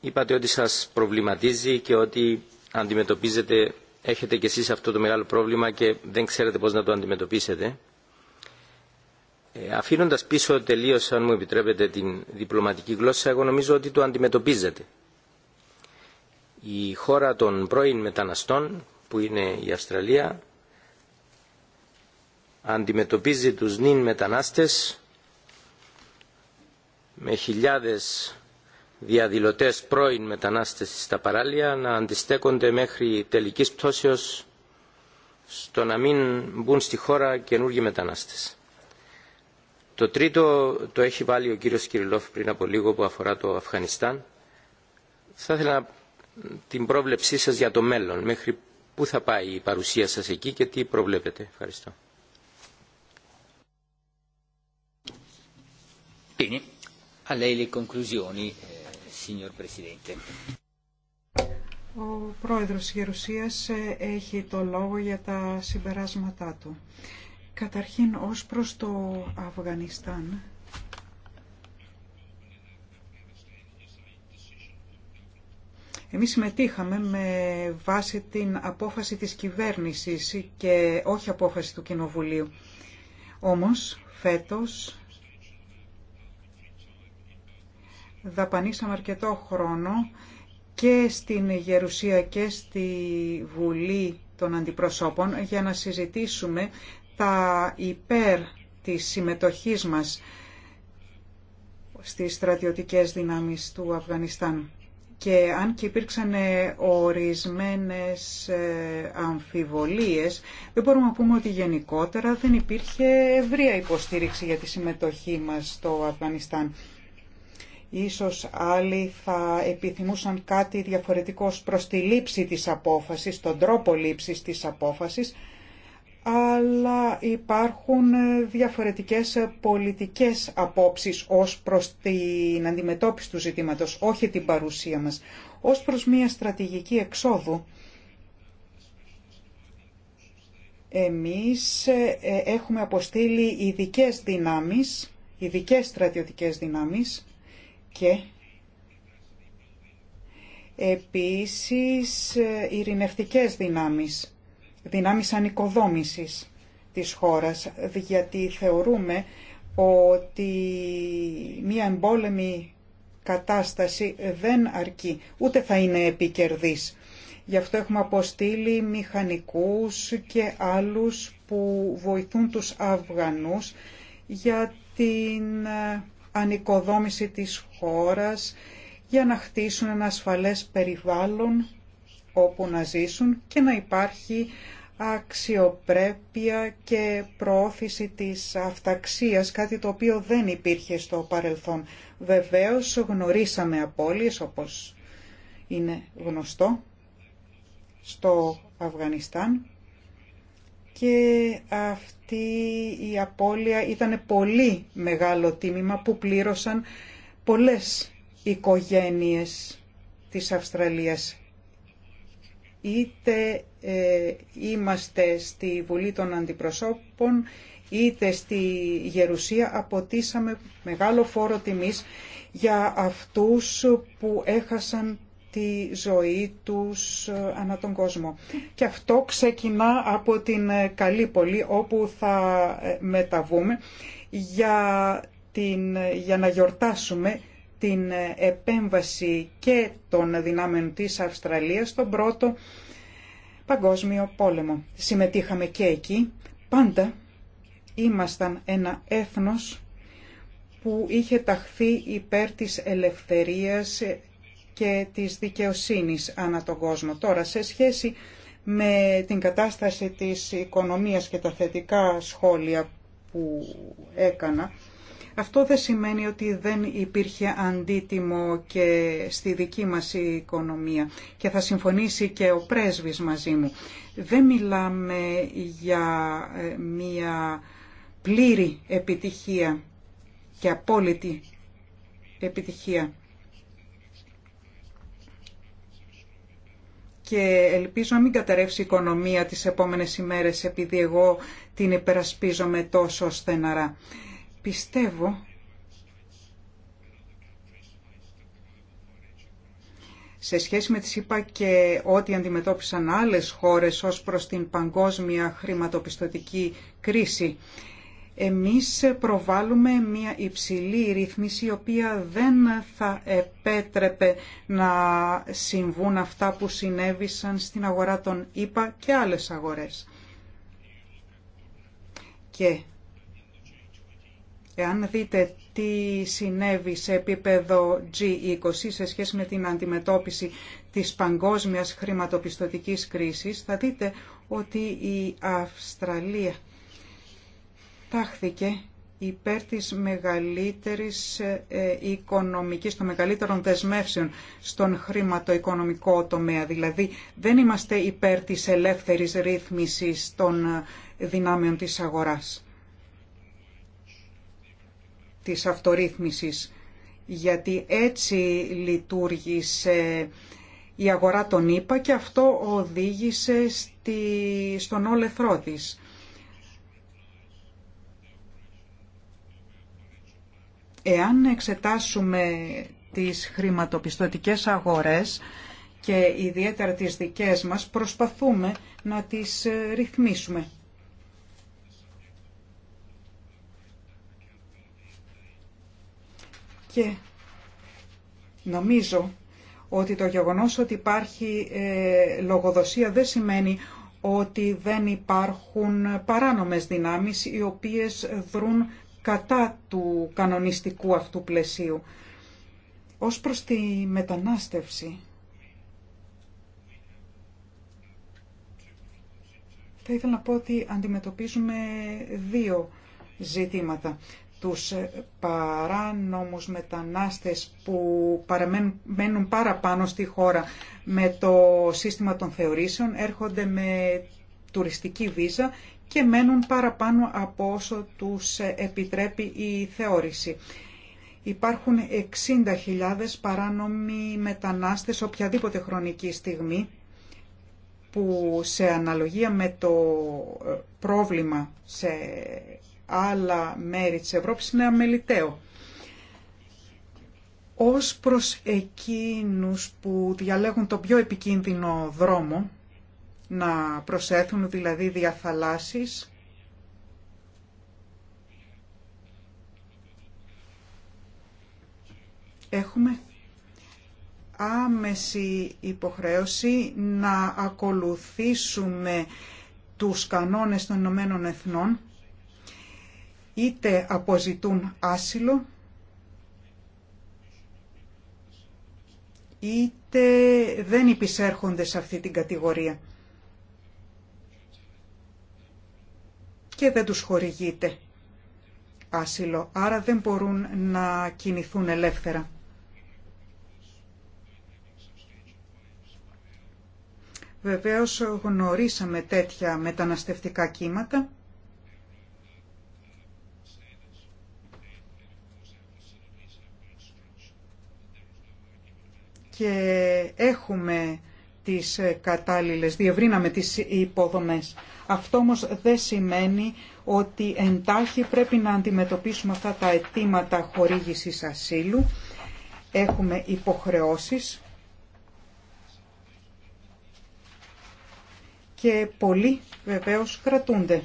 είπατε ότι σας προβληματίζει και ότι αντιμετωπίζετε, έχετε κι εσείς αυτό το μεγάλο πρόβλημα και δεν ξέρετε πώς να το αντιμετωπίσετε. Ε, αφήνοντας πίσω τελείως, αν μου επιτρέπετε, την διπλωματική γλώσσα, εγώ νομίζω ότι το αντιμετωπίζετε. Η χώρα των πρώην μεταναστών, που είναι η Αυστραλία, αντιμετωπίζει τους νυν μετανάστες με χιλιάδες διαδηλωτές πρώην μετανάστες στα παράλια να αντιστέκονται μέχρι τελικής πτώσεως στο να μην μπουν στη χώρα καινούργιοι μετανάστες. Το τρίτο το έχει βάλει ο κύριος Κυριλόφ πριν από λίγο που αφορά το Αφγανιστάν. Θα ήθελα την πρόβλεψή σας για το μέλλον, μέχρι πού θα πάει η παρουσία σας εκεί και τι προβλέπετε. Ευχαριστώ. Eh, Ο πρόεδρος Γερουσίας ε, έχει το λόγο για τα συμπεράσματά του. Καταρχήν ως προς το Αφγανιστάν, Εμείς συμμετείχαμε με βάση την απόφαση της κυβέρνησης και όχι απόφαση του Κοινοβουλίου. Όμως, φέτος δαπανίσαμε αρκετό χρόνο και στην Γερουσία και στη Βουλή των Αντιπροσώπων για να συζητήσουμε τα υπέρ της συμμετοχής μας στις στρατιωτικές δυνάμεις του Αφγανιστάν. Και αν και υπήρξαν ε, ορισμένες ε, αμφιβολίες, δεν μπορούμε να πούμε ότι γενικότερα δεν υπήρχε ευρεία υποστήριξη για τη συμμετοχή μας στο Αφγανιστάν. Ίσως άλλοι θα επιθυμούσαν κάτι διαφορετικό προς τη λήψη της απόφασης, τον τρόπο λήψης της απόφασης, αλλά υπάρχουν διαφορετικές πολιτικές απόψεις ως προς την αντιμετώπιση του ζητήματος, όχι την παρουσία μας. Ως προς μια στρατηγική εξόδου, εμείς ε, έχουμε αποστείλει ειδικέ δυνάμεις, ειδικέ στρατιωτικές δυνάμεις, και επίσης ε, ειρηνευτικές δυνάμεις, δυνάμεις ανοικοδόμησης της χώρας, γιατί θεωρούμε ότι μία εμπόλεμη κατάσταση δεν αρκεί, ούτε θα είναι επικερδής. Γι' αυτό έχουμε αποστείλει μηχανικούς και άλλους που βοηθούν τους Αφγανούς για την ε, ανοικοδόμηση της χώρας για να χτίσουν ένα ασφαλές περιβάλλον όπου να ζήσουν και να υπάρχει αξιοπρέπεια και προώθηση της αυταξίας, κάτι το οποίο δεν υπήρχε στο παρελθόν. Βεβαίως γνωρίσαμε απώλειες, όπως είναι γνωστό, στο Αφγανιστάν και αυτή η απώλεια ήταν πολύ μεγάλο τίμημα που πλήρωσαν πολλές οικογένειες της Αυστραλίας. Είτε ε, είμαστε στη Βουλή των Αντιπροσώπων, είτε στη Γερουσία αποτίσαμε μεγάλο φόρο τιμής για αυτούς που έχασαν τη ζωή τους ε, ανά τον κόσμο. Και αυτό ξεκινά από την ε, Καλή Πολύ όπου θα ε, μεταβούμε για, την, για να γιορτάσουμε την επέμβαση και των δυνάμεων της Αυστραλίας στον πρώτο παγκόσμιο πόλεμο. Συμμετείχαμε και εκεί. Πάντα ήμασταν ένα έθνος που είχε ταχθεί υπέρ της ελευθερίας και της δικαιοσύνης ανά τον κόσμο. Τώρα, σε σχέση με την κατάσταση της οικονομίας και τα θετικά σχόλια που έκανα, αυτό δεν σημαίνει ότι δεν υπήρχε αντίτιμο και στη δική μας οικονομία και θα συμφωνήσει και ο πρέσβης μαζί μου. Δεν μιλάμε για ε, μια πλήρη επιτυχία και απόλυτη επιτυχία και ελπίζω να μην καταρρεύσει η οικονομία τις επόμενες ημέρες επειδή εγώ την υπερασπίζομαι τόσο στεναρά. Πιστεύω σε σχέση με τις είπα και ό,τι αντιμετώπισαν άλλες χώρες ως προς την παγκόσμια χρηματοπιστωτική κρίση εμείς προβάλλουμε μια υψηλή ρύθμιση η οποία δεν θα επέτρεπε να συμβούν αυτά που συνέβησαν στην αγορά των ΙΠΑ και άλλες αγορές. Και εάν δείτε τι συνέβη σε επίπεδο G20 σε σχέση με την αντιμετώπιση της παγκόσμιας χρηματοπιστωτικής κρίσης, θα δείτε ότι η Αυστραλία τάχθηκε υπέρ της μεγαλύτερης ε, οικονομικής, των μεγαλύτερων δεσμεύσεων στον χρηματοοικονομικό τομέα. Δηλαδή δεν είμαστε υπέρ της ελεύθερης ρύθμισης των ε, δυνάμεων της αγοράς, της αυτορύθμισης, γιατί έτσι λειτουργήσε η αγορά των ΗΠΑ και αυτό οδήγησε στη, στον όλεθρό της Εάν εξετάσουμε τις χρηματοπιστωτικές αγορές και ιδιαίτερα τις δικές μας, προσπαθούμε να τις ε, ρυθμίσουμε. Και νομίζω ότι το γεγονός ότι υπάρχει ε, λογοδοσία δεν σημαίνει ότι δεν υπάρχουν παράνομες δυνάμεις οι οποίες δρούν κατά του κανονιστικού αυτού πλαισίου. Ως προς τη μετανάστευση, θα ήθελα να πω ότι αντιμετωπίζουμε δύο ζητήματα. Τους παράνομους μετανάστες που παραμένουν παραπάνω στη χώρα με το σύστημα των θεωρήσεων έρχονται με τουριστική βίζα και μένουν παραπάνω από όσο τους επιτρέπει η θεώρηση. Υπάρχουν 60.000 παράνομοι μετανάστες οποιαδήποτε χρονική στιγμή που σε αναλογία με το ε, πρόβλημα σε άλλα μέρη της Ευρώπης είναι αμεληταίο. Ως προς εκείνους που διαλέγουν το πιο επικίνδυνο δρόμο, να προσέθουν δηλαδή διαφαλάσεις έχουμε άμεση υποχρέωση να ακολουθήσουμε τους κανόνες των Ηνωμένων Εθνών είτε αποζητούν άσυλο είτε δεν υπησέρχονται σε αυτή την κατηγορία. και δεν τους χορηγείται άσυλο, άρα δεν μπορούν να κινηθούν ελεύθερα. Βεβαίως γνωρίσαμε τέτοια μεταναστευτικά κύματα. Και έχουμε τις ε, κατάλληλες, διευρύναμε τις υποδομές. Αυτό όμως δεν σημαίνει ότι εντάχει πρέπει να αντιμετωπίσουμε αυτά τα αιτήματα χορήγησης ασύλου. Έχουμε υποχρεώσεις και πολλοί βεβαίως κρατούνται.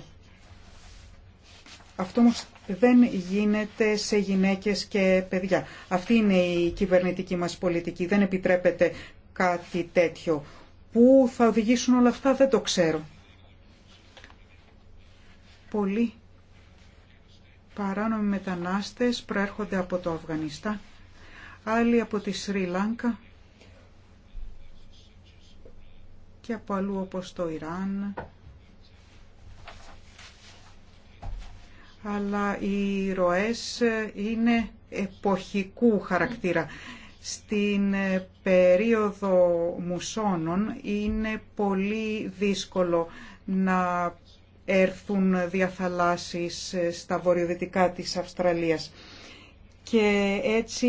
Αυτό όμως δεν γίνεται σε γυναίκες και παιδιά. Αυτή είναι η κυβερνητική μας πολιτική. Δεν επιτρέπεται κάτι τέτοιο. Πού θα οδηγήσουν όλα αυτά δεν το ξέρω. Πολλοί παράνομοι μετανάστες προέρχονται από το Αφγανιστάν, άλλοι από τη Σρι Λάνκα και από αλλού όπως το Ιράν. Αλλά οι ροές είναι εποχικού χαρακτήρα στην ε, περίοδο μουσώνων είναι πολύ δύσκολο να έρθουν διαθαλάσσεις ε, στα βορειοδυτικά της Αυστραλίας. Και έτσι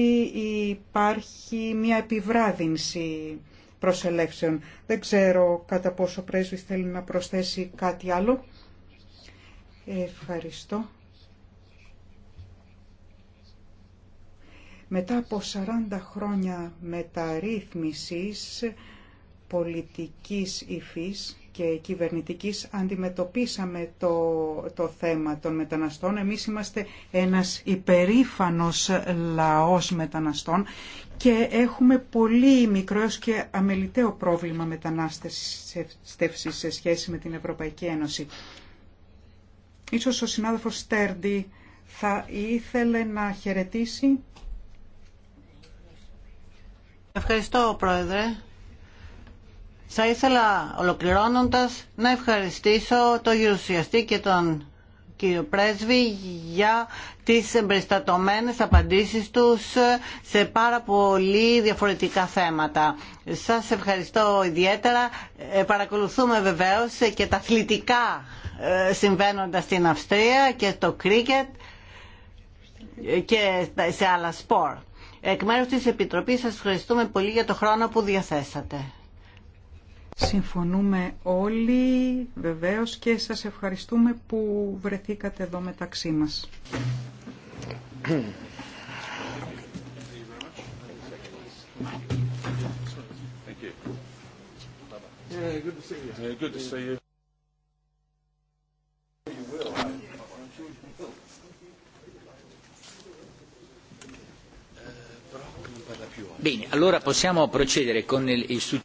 υπάρχει μια επιβράδυνση προσελεύσεων. Δεν ξέρω κατά πόσο πρέσβης θέλει να προσθέσει κάτι άλλο. Ευχαριστώ. Μετά από 40 χρόνια μεταρρύθμισης πολιτικής υφής και κυβερνητικής αντιμετωπίσαμε το, το θέμα των μεταναστών. Εμείς είμαστε ένας υπερήφανος λαός μεταναστών και έχουμε πολύ μικρό και αμεληταίο πρόβλημα μετανάστευσης σε σχέση με την Ευρωπαϊκή Ένωση. Ίσως ο συνάδελφος Στέρντι θα ήθελε να χαιρετήσει Ευχαριστώ, Πρόεδρε. Θα ήθελα ολοκληρώνοντας να ευχαριστήσω τον γερουσιαστή και τον κύριο Πρέσβη για τις εμπεριστατωμένες απαντήσεις τους σε πάρα πολύ διαφορετικά θέματα. Σας ευχαριστώ ιδιαίτερα. Ε, παρακολουθούμε βεβαίως και τα αθλητικά ε, συμβαίνοντα στην Αυστρία και το κρίκετ και σε άλλα σπορ. Εκ μέρους της Επιτροπής σας ευχαριστούμε πολύ για το χρόνο που διαθέσατε. Συμφωνούμε όλοι βεβαίως και σας ευχαριστούμε που βρεθήκατε εδώ μεταξύ μας. Good to see you. Good to see you.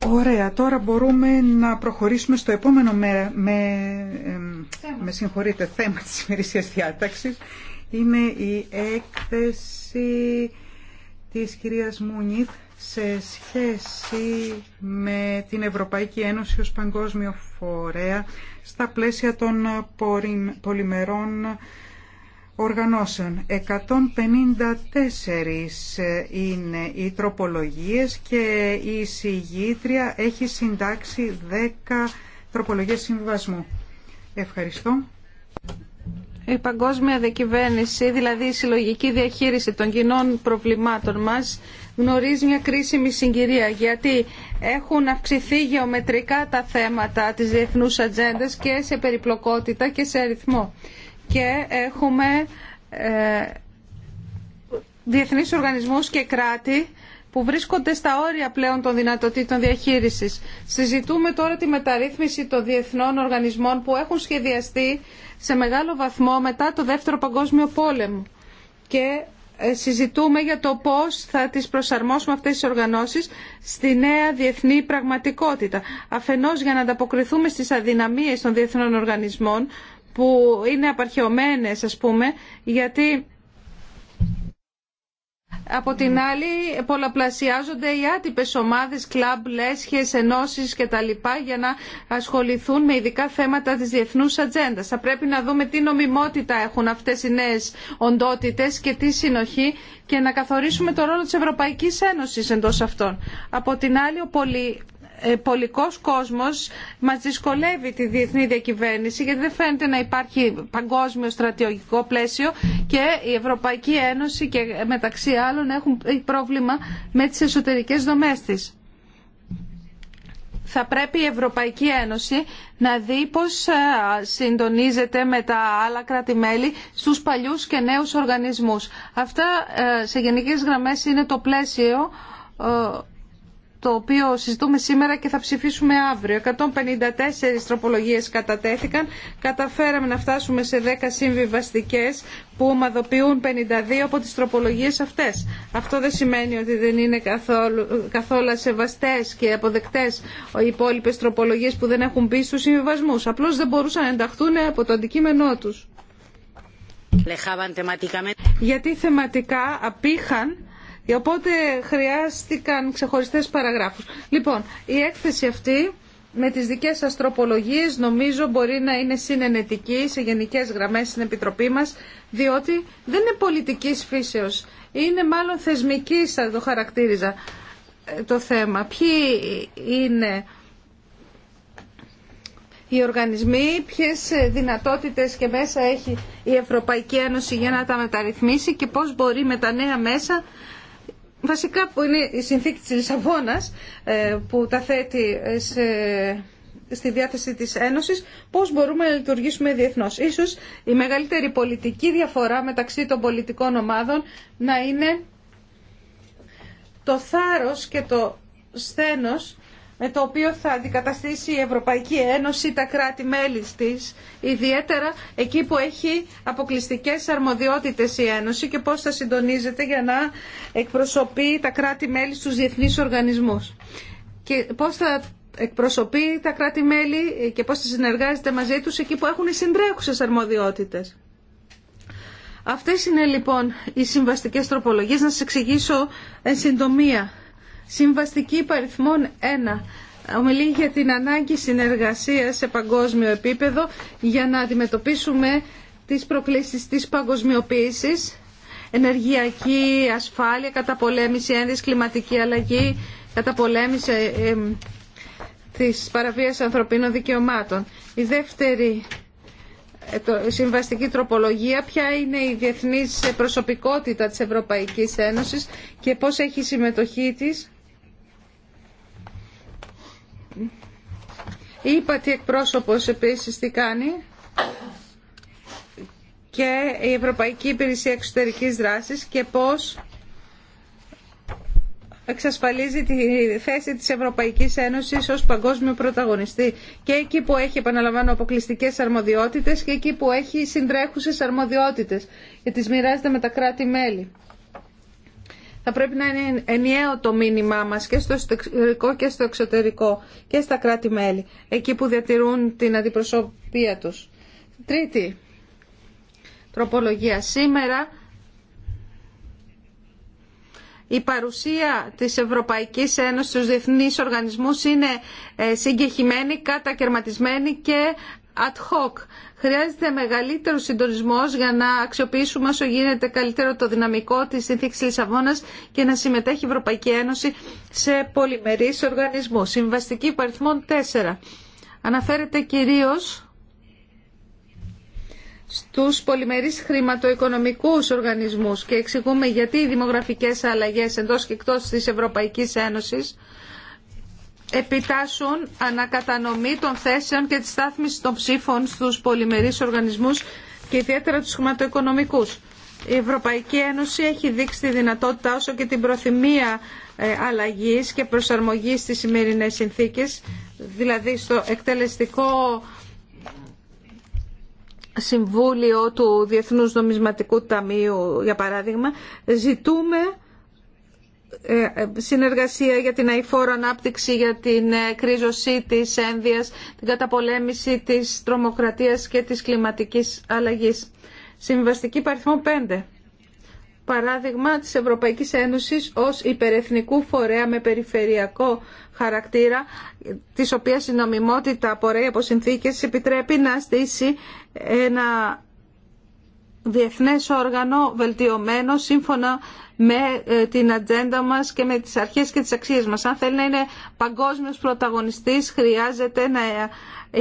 Ωραία, τώρα μπορούμε να προχωρήσουμε στο επόμενο με, με, με θέμα της ημερησίας διάταξης. Είναι η έκθεση της κυρίας Μουνίτ σε σχέση με την Ευρωπαϊκή Ένωση ως παγκόσμιο φορέα στα πλαίσια των πολυμερών οργανώσεων. 154 ε, είναι οι τροπολογίες και η συγγήτρια έχει συντάξει 10 τροπολογίες συμβιβασμού. Ευχαριστώ. Η παγκόσμια διακυβέρνηση, δηλαδή η συλλογική διαχείριση των κοινών προβλημάτων μας, γνωρίζει μια κρίσιμη συγκυρία, γιατί έχουν αυξηθεί γεωμετρικά τα θέματα της διεθνούς ατζέντα και σε περιπλοκότητα και σε αριθμό και έχουμε ε, διεθνείς οργανισμούς και κράτη που βρίσκονται στα όρια πλέον των δυνατοτήτων διαχείρισης. Συζητούμε τώρα τη μεταρρύθμιση των διεθνών οργανισμών που έχουν σχεδιαστεί σε μεγάλο βαθμό μετά το Δεύτερο Παγκόσμιο Πόλεμο. Και ε, συζητούμε για το πώς θα τις προσαρμόσουμε αυτές τις οργανώσεις στη νέα διεθνή πραγματικότητα. Αφενός για να ανταποκριθούμε στις αδυναμίες των διεθνών οργανισμών που είναι απαρχαιωμένες ας πούμε γιατί από την άλλη πολλαπλασιάζονται οι άτυπες ομάδες, κλαμπ, λέσχες, ενώσεις και τα λοιπά για να ασχοληθούν με ειδικά θέματα της διεθνούς ατζέντα. Θα πρέπει να δούμε τι νομιμότητα έχουν αυτές οι νέες οντότητες και τι συνοχή και να καθορίσουμε το ρόλο της Ευρωπαϊκής Ένωσης εντός αυτών. Από την άλλη ο πολυ ε, πολικός κόσμος μας δυσκολεύει τη διεθνή διακυβέρνηση γιατί δεν φαίνεται να υπάρχει παγκόσμιο στρατιωτικό πλαίσιο και η Ευρωπαϊκή Ένωση και μεταξύ άλλων έχουν πρόβλημα με τις εσωτερικές δομές της. Θα πρέπει η Ευρωπαϊκή Ένωση να δει πώς ε, συντονίζεται με τα άλλα κράτη-μέλη στους παλιούς και νέους οργανισμούς. Αυτά ε, σε γενικές γραμμές είναι το πλαίσιο το οποίο συζητούμε σήμερα και θα ψηφίσουμε αύριο. 154 τροπολογίε κατατέθηκαν. Καταφέραμε να φτάσουμε σε 10 συμβιβαστικέ που ομαδοποιούν 52 από τις τροπολογίε αυτές. Αυτό δεν σημαίνει ότι δεν είναι καθόλου, καθόλου σεβαστές και αποδεκτές οι υπόλοιπε τροπολογίε που δεν έχουν μπει στου συμβιβασμού. Απλώς δεν μπορούσαν να ενταχθούν από το αντικείμενό του. Γιατί θεματικά απήχαν Οπότε χρειάστηκαν ξεχωριστές παραγράφους. Λοιπόν, η έκθεση αυτή με τις δικές σας τροπολογίες νομίζω μπορεί να είναι συνενετική σε γενικές γραμμές στην Επιτροπή μας, διότι δεν είναι πολιτικής φύσεως, είναι μάλλον θεσμικής, θα το χαρακτήριζα ε, το θέμα. Ποιοι είναι οι οργανισμοί, ποιες δυνατότητες και μέσα έχει η Ευρωπαϊκή Ένωση για να τα μεταρρυθμίσει και πώς μπορεί με τα νέα μέσα βασικά που είναι η συνθήκη της Λισαβόνας ε, που τα θέτει ε, σε στη διάθεση της Ένωσης πώς μπορούμε να λειτουργήσουμε διεθνώς. Ίσως η μεγαλύτερη πολιτική διαφορά μεταξύ των πολιτικών ομάδων να είναι το θάρρος και το σθένος με το οποίο θα αντικαταστήσει η Ευρωπαϊκή Ένωση τα κράτη-μέλη της, ιδιαίτερα εκεί που έχει αποκλειστικές αρμοδιότητες η Ένωση και πώς θα συντονίζεται για να εκπροσωπεί τα κράτη-μέλη στους διεθνείς οργανισμούς. Και πώς θα εκπροσωπεί τα κράτη-μέλη και πώς θα συνεργάζεται μαζί τους εκεί που έχουν οι συντρέχουσες αρμοδιότητες. Αυτές είναι λοιπόν οι συμβαστικές τροπολογίες. Να σας εξηγήσω εν συντομία Συμβαστική υπαριθμών 1 ομιλεί για την ανάγκη συνεργασίας σε παγκόσμιο επίπεδο για να αντιμετωπίσουμε τις προκλήσεις της παγκοσμιοποίησης, ενεργειακή ασφάλεια, καταπολέμηση ένδυση, κλιματική αλλαγή, καταπολέμηση ε, ε, της παραβίας ανθρωπίνων δικαιωμάτων. Η δεύτερη ε, συμβαστική τροπολογία, ποια είναι η διεθνής προσωπικότητα της Ευρωπαϊκής Ένωσης και πώς έχει συμμετοχή της Είπα τι εκπρόσωπος επίσης τι κάνει και η Ευρωπαϊκή Υπηρεσία Εξωτερικής Δράσης και πώς εξασφαλίζει τη θέση της Ευρωπαϊκής Ένωσης ως παγκόσμιο πρωταγωνιστή και εκεί που έχει επαναλαμβάνω αποκλειστικές αρμοδιότητες και εκεί που έχει συντρέχουσες αρμοδιότητες και τις μοιράζεται με τα κράτη-μέλη. Θα πρέπει να είναι ενιαίο το μήνυμά μας και στο εσωτερικό και στο εξωτερικό και στα κράτη-μέλη, εκεί που διατηρούν την αντιπροσωπεία τους. Τρίτη τροπολογία. Σήμερα η παρουσία της Ευρωπαϊκής Ένωσης στους διεθνείς οργανισμούς είναι ε, συγκεχημένη, κατακαιρματισμένη και ad hoc. Χρειάζεται μεγαλύτερο συντονισμό για να αξιοποιήσουμε όσο γίνεται καλύτερο το δυναμικό τη συνθήκη Λισαβόνα και να συμμετέχει η Ευρωπαϊκή Ένωση σε πολυμερεί οργανισμού. Συμβαστική υπαριθμών 4. Αναφέρεται κυρίω στους πολυμερείς χρηματοοικονομικούς οργανισμούς και εξηγούμε γιατί οι δημογραφικές αλλαγές εντός και εκτός της Ευρωπαϊκής Ένωσης επιτάσσουν ανακατανομή των θέσεων και τη στάθμιση των ψήφων στους πολυμερείς οργανισμούς και ιδιαίτερα του χρηματοοικονομικού. Η Ευρωπαϊκή Ένωση έχει δείξει τη δυνατότητα όσο και την προθυμία ε, αλλαγής και προσαρμογή στι σημερινέ συνθήκες, δηλαδή στο εκτελεστικό Συμβούλιο του Διεθνούς Νομισματικού Ταμείου, για παράδειγμα, ζητούμε ε, ε, συνεργασία για την αηφόρο ανάπτυξη, για την ε, κρίζωσή της ένδυας, την καταπολέμηση της τρομοκρατίας και της κλιματικής αλλαγής. Συμβαστική παριθμό 5. Παράδειγμα της Ευρωπαϊκής Ένωσης ως υπερεθνικού φορέα με περιφερειακό χαρακτήρα, της οποίας η νομιμότητα απορρέει από συνθήκες επιτρέπει να στήσει ένα διεθνές όργανο βελτιωμένο σύμφωνα με ε, την ατζέντα μας και με τις αρχές και τις αξίες μας. Αν θέλει να είναι παγκόσμιος πρωταγωνιστής χρειάζεται να ε,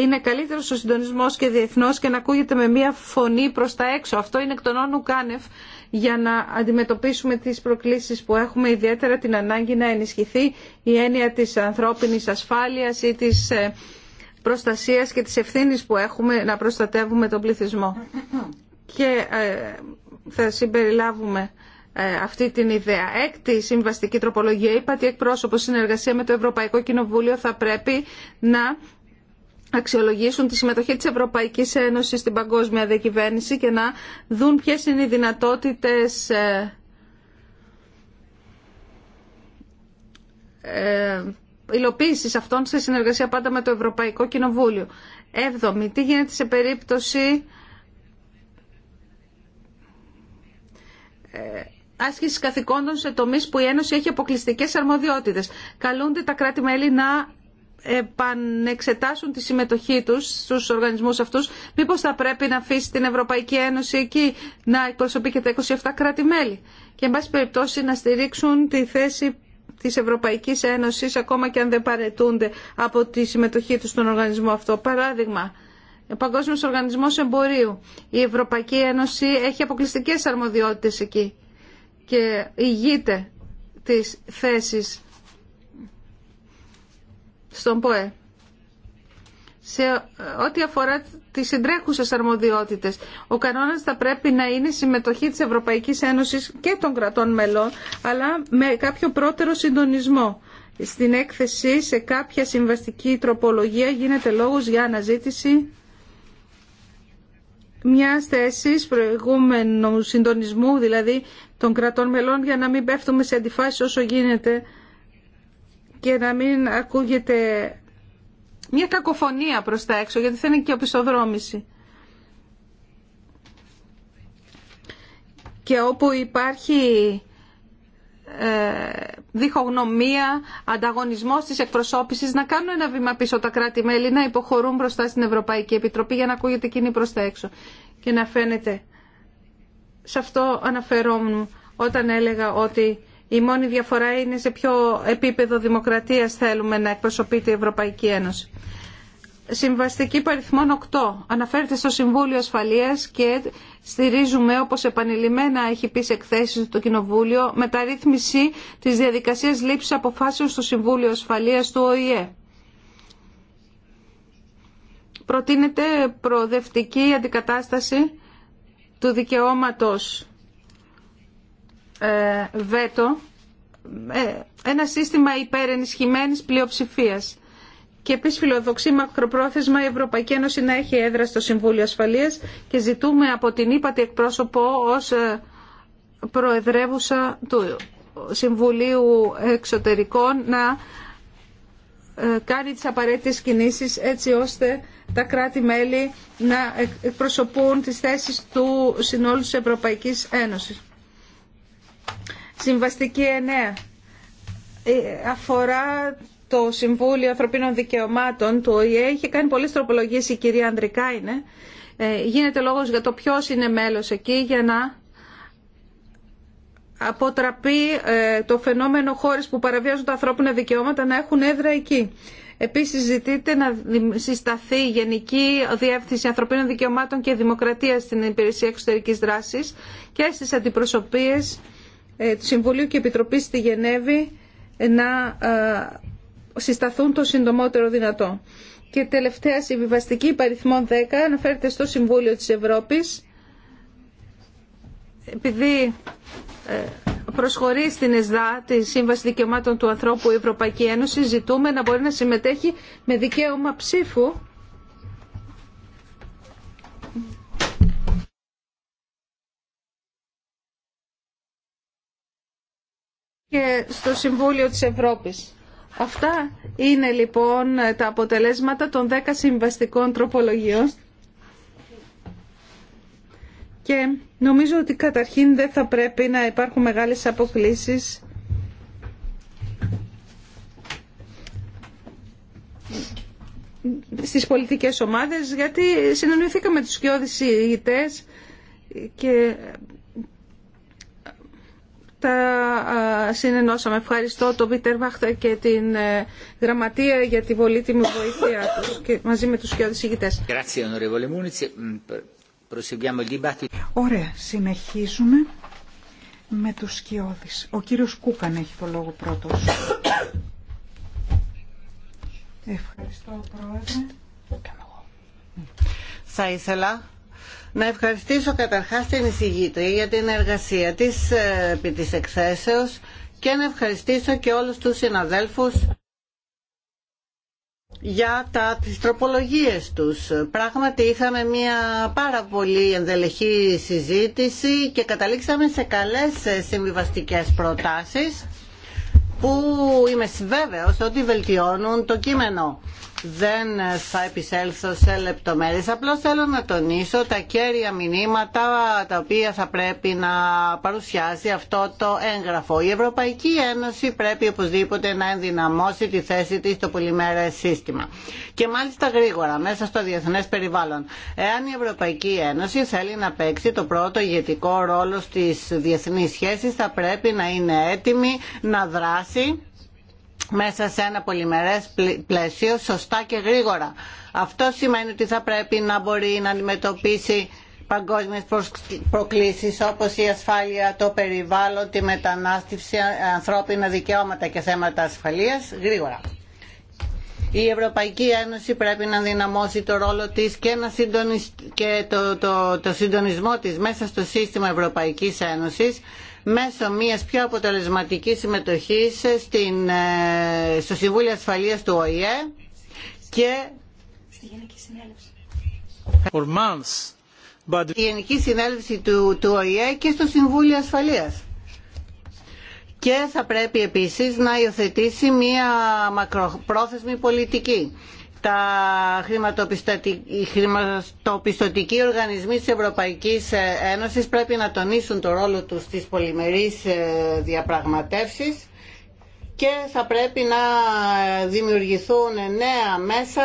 είναι καλύτερος ο συντονισμός και διεθνώς και να ακούγεται με μία φωνή προς τα έξω. Αυτό είναι εκ των όνου κάνευ για να αντιμετωπίσουμε τις προκλήσεις που έχουμε ιδιαίτερα την ανάγκη να ενισχυθεί η έννοια της ανθρώπινης ασφάλειας ή της ε, προστασίας και της ευθύνης που έχουμε να προστατεύουμε τον πληθυσμό και ε, θα συμπεριλάβουμε ε, αυτή την ιδέα. Έκτη συμβαστική τροπολογία είπα ότι εκπρόσωπο συνεργασία με το Ευρωπαϊκό Κοινοβούλιο θα πρέπει να αξιολογήσουν τη συμμετοχή της Ευρωπαϊκής Ένωσης στην παγκόσμια διακυβέρνηση και να δουν ποιες είναι οι δυνατότητες ε, υλοποίησης αυτών σε συνεργασία πάντα με το Ευρωπαϊκό Κοινοβούλιο. Έβδομη, τι γίνεται σε περίπτωση Ε, άσκηση καθηκόντων σε τομεί που η Ένωση έχει αποκλειστικέ αρμοδιότητες. Καλούνται τα κράτη-μέλη να επανεξετάσουν τη συμμετοχή τους στους οργανισμούς αυτούς. Μήπω θα πρέπει να αφήσει την Ευρωπαϊκή Ένωση εκεί να εκπροσωπεί και τα 27 κράτη-μέλη. Και εν πάση περιπτώσει να στηρίξουν τη θέση της Ευρωπαϊκή Ένωση, ακόμα και αν δεν παρετούνται από τη συμμετοχή του στον οργανισμό αυτό. Παράδειγμα, ο ε, Παγκόσμιο Οργανισμό Εμπορίου. Η Ευρωπαϊκή Ένωση έχει αποκλειστικέ αρμοδιότητε εκεί και ηγείται τη θέση στον ΠΟΕ σε ε, ό,τι αφορά τις συντρέχουσες αρμοδιότητες. Ο κανόνας θα πρέπει να είναι συμμετοχή της Ευρωπαϊκής Ένωσης και των κρατών μελών, αλλά με κάποιο πρώτερο συντονισμό. Στην έκθεση, σε κάποια συμβαστική τροπολογία, γίνεται λόγος για αναζήτηση μια θέση προηγούμενου συντονισμού, δηλαδή των κρατών μελών, για να μην πέφτουμε σε αντιφάσεις όσο γίνεται και να μην ακούγεται μια κακοφωνία προς τα έξω, γιατί θα είναι και οπισθοδρόμηση. Και όπου υπάρχει ε, διχογνωμία, ανταγωνισμός τη εκπροσώπηση να κάνουν ένα βήμα πίσω τα κράτη-μέλη, να υποχωρούν μπροστά στην Ευρωπαϊκή Επιτροπή για να ακούγεται εκείνη προ τα έξω και να φαίνεται. Σε αυτό αναφερόμουν όταν έλεγα ότι η μόνη διαφορά είναι σε ποιο επίπεδο δημοκρατίας θέλουμε να εκπροσωπείται η Ευρωπαϊκή Ένωση. Συμβαστική παριθμών 8 αναφέρεται στο Συμβούλιο Ασφαλείας και στηρίζουμε, όπως επανειλημμένα έχει πει σε εκθέσεις του Κοινοβούλιο, μεταρρύθμιση της διαδικασίας λήψης αποφάσεων στο Συμβούλιο Ασφαλείας του ΟΗΕ. Προτείνεται προοδευτική αντικατάσταση του δικαιώματος ε, βέτο, ε, ένα σύστημα υπερενισχυμένης πλειοψηφίας και επίση φιλοδοξεί μακροπρόθεσμα η Ευρωπαϊκή Ένωση να έχει έδρα στο Συμβούλιο Ασφαλείας και ζητούμε από την ύπατη εκπρόσωπο ως ε, προεδρεύουσα του Συμβουλίου Εξωτερικών να ε, κάνει τις απαραίτητες κινήσεις έτσι ώστε τα κράτη-μέλη να εκπροσωπούν τις θέσεις του συνόλου της Ευρωπαϊκής Ένωσης. Συμβαστική 9 ε, αφορά το Συμβούλιο Ανθρωπίνων Δικαιωμάτων του ΟΗΕ είχε κάνει πολλέ τροπολογίε η κυρία Ανδρικά ε, γίνεται λόγος για το ποιο είναι μέλος εκεί για να αποτραπεί ε, το φαινόμενο χώρες που παραβιάζουν τα ανθρώπινα δικαιώματα να έχουν έδρα εκεί. Επίσης ζητείται να συσταθεί η Γενική Διεύθυνση Ανθρωπίνων Δικαιωμάτων και Δημοκρατία στην Υπηρεσία Εξωτερικής Δράσης και στις αντιπροσωπείες ε, του Συμβουλίου και Επιτροπής στη Γενέβη να συσταθούν το συντομότερο δυνατό. Και τελευταία συμβιβαστική υπαριθμών 10 αναφέρεται στο Συμβούλιο της Ευρώπης επειδή ε, προσχωρεί στην ΕΣΔΑ, τη Σύμβαση Δικαιωμάτων του Ανθρώπου η Ευρωπαϊκή Ένωση, ζητούμε να μπορεί να συμμετέχει με δικαίωμα ψήφου και στο Συμβούλιο της Ευρώπης. Αυτά είναι λοιπόν τα αποτελέσματα των 10 συμβαστικών τροπολογιών και νομίζω ότι καταρχήν δεν θα πρέπει να υπάρχουν μεγάλες αποκλήσεις στις πολιτικές ομάδες γιατί συνεννοηθήκαμε τους κοιόδης ηγητές και τα συνενώσαμε. Ευχαριστώ τον Πίτερ Βάχτα και την ε, Γραμματεία για τη πολύτιμη βοήθεια του και μαζί με τους κοιόδης ηγητές. Ε, Ωραία, συνεχίζουμε με τους σκιώδεις. Ο κύριο Κούκαν έχει το λόγο πρώτο. Ευχαριστώ, Πρόεδρε. Θα ήθελα να ευχαριστήσω καταρχάς την εισηγήτρια για την εργασία της ε, επί της και να ευχαριστήσω και όλους τους συναδέλφους για τα, τις τροπολογίες τους. Πράγματι είχαμε μια πάρα πολύ ενδελεχή συζήτηση και καταλήξαμε σε καλές ε, συμβιβαστικές προτάσεις που είμαι βέβαιος ότι βελτιώνουν το κείμενο δεν θα επισέλθω σε λεπτομέρειες. Απλώς θέλω να τονίσω τα κέρια μηνύματα τα οποία θα πρέπει να παρουσιάσει αυτό το έγγραφο. Η Ευρωπαϊκή Ένωση πρέπει οπωσδήποτε να ενδυναμώσει τη θέση της στο πολυμέρα σύστημα. Και μάλιστα γρήγορα, μέσα στο διεθνές περιβάλλον. Εάν η Ευρωπαϊκή Ένωση θέλει να παίξει το πρώτο ηγετικό ρόλο στις διεθνείς σχέσεις, θα πρέπει να είναι έτοιμη να δράσει μέσα σε ένα πολυμερές πλαίσιο σωστά και γρήγορα. Αυτό σημαίνει ότι θα πρέπει να μπορεί να αντιμετωπίσει παγκόσμιες προκλήσεις όπως η ασφάλεια, το περιβάλλον, τη μετανάστευση, ανθρώπινα δικαιώματα και θέματα ασφαλείας γρήγορα. Η Ευρωπαϊκή Ένωση πρέπει να δυναμώσει το ρόλο της και, να συντονισ... το, το, συντονισμό της μέσα στο σύστημα Ευρωπαϊκής Ένωσης μέσω μιας πιο αποτελεσματικής συμμετοχής στην, ε, στο Συμβούλιο Ασφαλείας του ΟΗΕ και στη Γενική Συνέλευση. but... Η Γενική του, του ΟΗΕ και στο Συμβούλιο Ασφαλείας και θα πρέπει επίσης να υιοθετήσει μια μακροπρόθεσμη πολιτική τα χρηματοπιστωτικοί οργανισμοί της Ευρωπαϊκής Ένωσης πρέπει να τονίσουν το ρόλο τους στις πολυμερείς ε, διαπραγματεύσεις και θα πρέπει να δημιουργηθούν νέα μέσα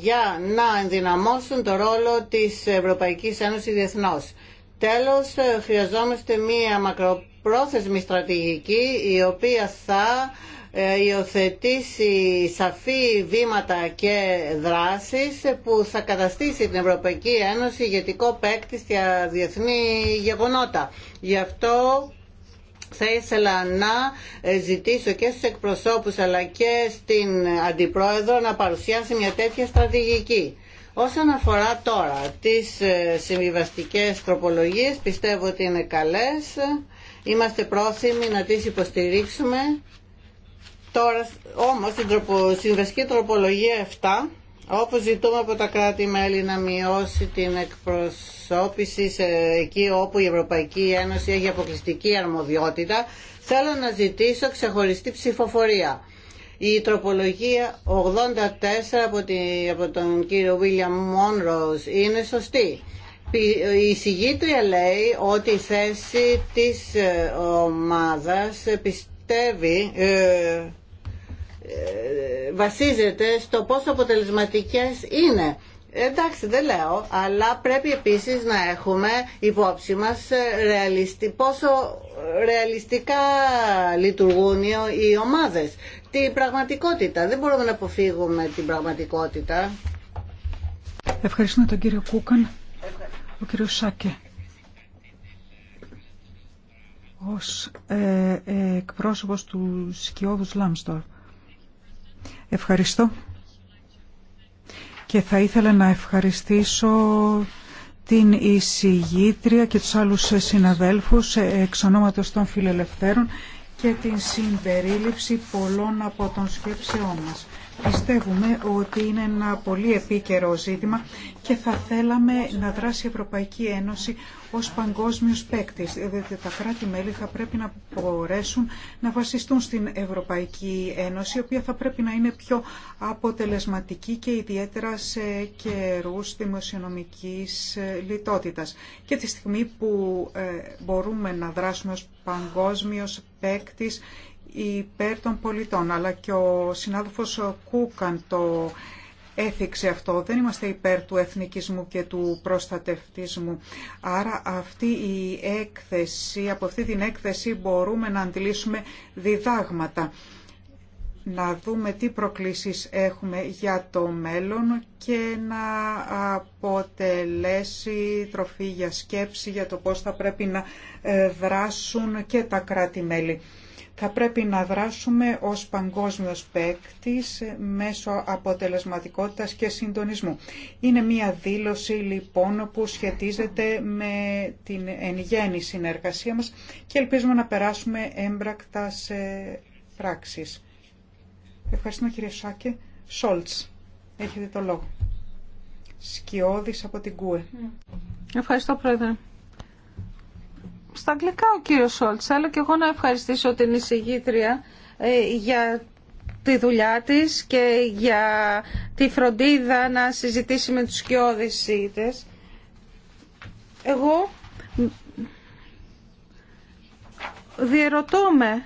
για να ενδυναμώσουν το ρόλο της Ευρωπαϊκής Ένωσης διεθνώς. Τέλος, ε, χρειαζόμαστε μία μακροπρόθεσμη στρατηγική η οποία θα ε, υιοθετήσει σαφή βήματα και δράσεις που θα καταστήσει την Ευρωπαϊκή Ένωση ηγετικό παίκτη στη διεθνή γεγονότα. Γι' αυτό θα ήθελα να ζητήσω και στους εκπροσώπους αλλά και στην Αντιπρόεδρο να παρουσιάσει μια τέτοια στρατηγική. Όσον αφορά τώρα τις ε, συμβιβαστικές τροπολογίες, πιστεύω ότι είναι καλές. Είμαστε πρόθυμοι να τις υποστηρίξουμε Τώρα όμως στην τροπο, τροπολογία 7 όπως ζητούμε από τα κράτη-μέλη να μειώσει την εκπροσώπηση εκεί όπου η Ευρωπαϊκή Ένωση έχει αποκλειστική αρμοδιότητα, θέλω να ζητήσω ξεχωριστή ψηφοφορία. Η τροπολογία 84 από, από τον κύριο William Monroe είναι σωστή. Η συγγήτρια λέει ότι η θέση της ε, ομάδας πιστεύει... Ε, βασίζεται στο πόσο αποτελεσματικές είναι. Εντάξει, δεν λέω, αλλά πρέπει επίσης να έχουμε υπόψη μας ε, ρεαλιστι, πόσο ε, ρεαλιστικά λειτουργούν οι ομάδες. Την πραγματικότητα. Δεν μπορούμε να αποφύγουμε την πραγματικότητα. Ευχαριστούμε τον κύριο Κούκαν. Ο κύριο Σάκε. Ως ε, ε, εκπρόσωπος του Σκιώδους Λάμστορ. Ευχαριστώ. Και θα ήθελα να ευχαριστήσω την εισηγήτρια και τους άλλους συναδέλφους εξ ονόματος των φιλελευθέρων και την συμπερίληψη πολλών από των σκέψεών μας. Πιστεύουμε ότι είναι ένα πολύ επίκαιρο ζήτημα και θα θέλαμε να δράσει η Ευρωπαϊκή Ένωση ως παγκόσμιος παίκτη, Δηλαδή τα κράτη-μέλη θα πρέπει να μπορέσουν να βασιστούν στην Ευρωπαϊκή Ένωση, η οποία θα πρέπει να είναι πιο αποτελεσματική και ιδιαίτερα σε καιρούς δημοσιονομικής ε, λιτότητας. Και τη στιγμή που ε, μπορούμε να δράσουμε ως παγκόσμιος παίκτη, υπέρ των πολιτών, αλλά και ο συνάδελφος Κούκαν το έθιξε αυτό. Δεν είμαστε υπέρ του εθνικισμού και του προστατευτισμού. Άρα αυτή η έκθεση, από αυτή την έκθεση μπορούμε να αντιλήσουμε διδάγματα. Να δούμε τι προκλήσεις έχουμε για το μέλλον και να αποτελέσει τροφή για σκέψη για το πώς θα πρέπει να ε, δράσουν και τα κράτη-μέλη. Θα πρέπει να δράσουμε ως παγκόσμιος παίκτη μέσω αποτελεσματικότητας και συντονισμού. Είναι μια δήλωση λοιπόν που σχετίζεται με την εν γέννη συνεργασία μας και ελπίζουμε να περάσουμε έμπρακτα σε πράξεις. Ευχαριστούμε κύριε Σάκε. Σόλτς, έχετε το λόγο. Σκιώδης από την ΚΟΕ. Ευχαριστώ πρόεδρε στα αγγλικά ο κύριος Σόλτς, αλλά και εγώ να ευχαριστήσω την εισηγήτρια ε, για τη δουλειά της και για τη φροντίδα να συζητήσει με τους κοιόδησίτες. Εγώ διερωτώ με,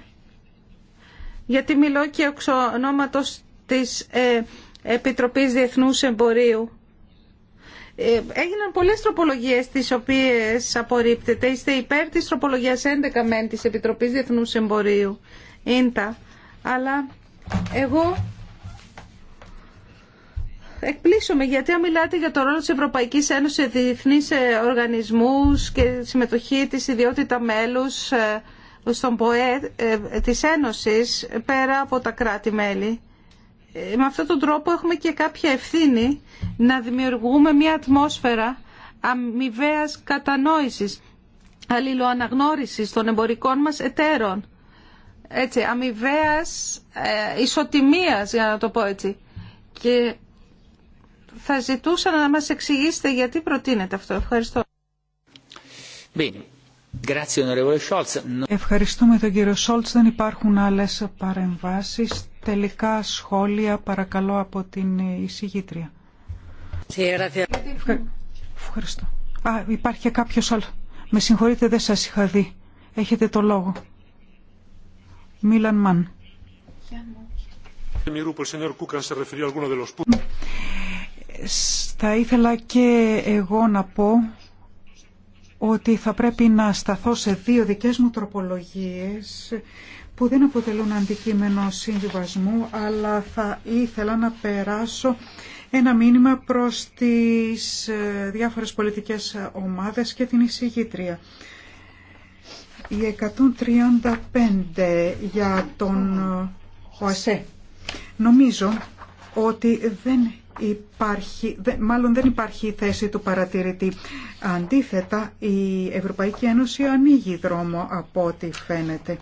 γιατί μιλώ και εξ ονόματος της ε, Επιτροπής Διεθνούς Εμπορίου ε, έγιναν πολλές τροπολογίες τις οποίες απορρίπτεται. Είστε υπέρ της τροπολογίας 11 μεν της Επιτροπής Διεθνούς Εμπορίου. Ίντα. Αλλά εγώ εκπλήσωμαι γιατί μιλάτε για το ρόλο της Ευρωπαϊκής Ένωσης σε διεθνείς ε, οργανισμούς και συμμετοχή της ιδιότητα μέλους ε, στον ΠΟΕ της Ένωσης πέρα από τα κράτη-μέλη με αυτόν τον τρόπο έχουμε και κάποια ευθύνη να δημιουργούμε μια ατμόσφαιρα αμοιβαία κατανόησης, αλληλοαναγνώρισης των εμπορικών μας εταίρων. Έτσι, αμοιβαίας ε, ισοτιμίας, για να το πω έτσι. Και θα ζητούσα να μας εξηγήσετε γιατί προτείνετε αυτό. Ευχαριστώ. Ευχαριστούμε τον κύριο Σόλτς. Δεν υπάρχουν άλλες παρεμβάσεις τελικά σχόλια παρακαλώ από την εισηγήτρια. Ευχαριστώ. Α, υπάρχει κάποιο κάποιος άλλο. Με συγχωρείτε, δεν σας είχα δει. Έχετε το λόγο. Μίλαν Μαν. Θα ήθελα και εγώ να πω ότι θα πρέπει να σταθώ σε δύο δικές μου τροπολογίες που δεν αποτελούν αντικείμενο συμβιβασμού, αλλά θα ήθελα να περάσω ένα μήνυμα προς τις ε, διάφορες πολιτικές ομάδες και την εισηγήτρια. Η 135 για τον ε, ΟΑΣΕ. Νομίζω ότι δεν υπάρχει, μάλλον δεν υπάρχει θέση του παρατηρητή. Αντίθετα, η Ευρωπαϊκή Ένωση ανοίγει δρόμο από ό,τι φαίνεται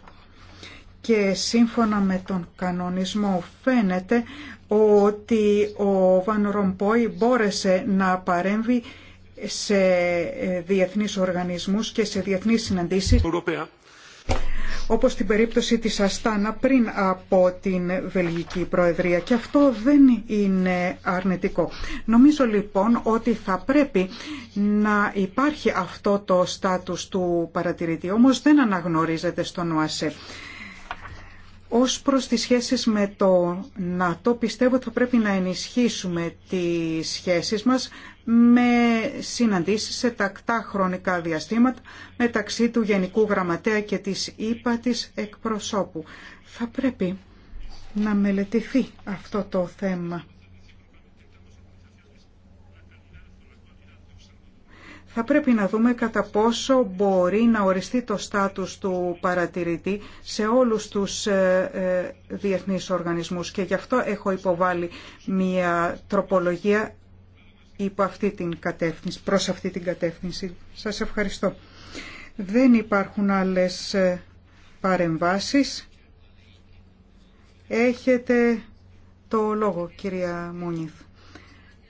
και σύμφωνα με τον κανονισμό φαίνεται ότι ο Βαν Ρομπόι μπόρεσε να παρέμβει σε ε, διεθνείς οργανισμούς και σε διεθνείς συναντήσεις Ευρωπαία. όπως την περίπτωση της Αστάνα πριν από την Βελγική Προεδρία και αυτό δεν είναι αρνητικό. Νομίζω λοιπόν ότι θα πρέπει να υπάρχει αυτό το στάτους του παρατηρητή όμως δεν αναγνωρίζεται στον ΟΑΣΕ. Ως προς τις σχέσεις με το ΝΑΤΟ, πιστεύω ότι θα πρέπει να ενισχύσουμε τις σχέσεις μας με συναντήσεις σε τακτά χρονικά διαστήματα μεταξύ του Γενικού Γραμματέα και της ΥΠΑ της εκπροσώπου. Θα πρέπει να μελετηθεί αυτό το θέμα θα πρέπει να δούμε κατά πόσο μπορεί να οριστεί το στάτους του παρατηρητή σε όλους τους ε, ε, διεθνείς οργανισμούς και γι' αυτό έχω υποβάλει μια τροπολογία υπό αυτή την κατεύθυνση, προς αυτή την κατεύθυνση. Σας ευχαριστώ. Δεν υπάρχουν άλλες ε, παρεμβάσεις. Έχετε το λόγο, κυρία Μούνιθ.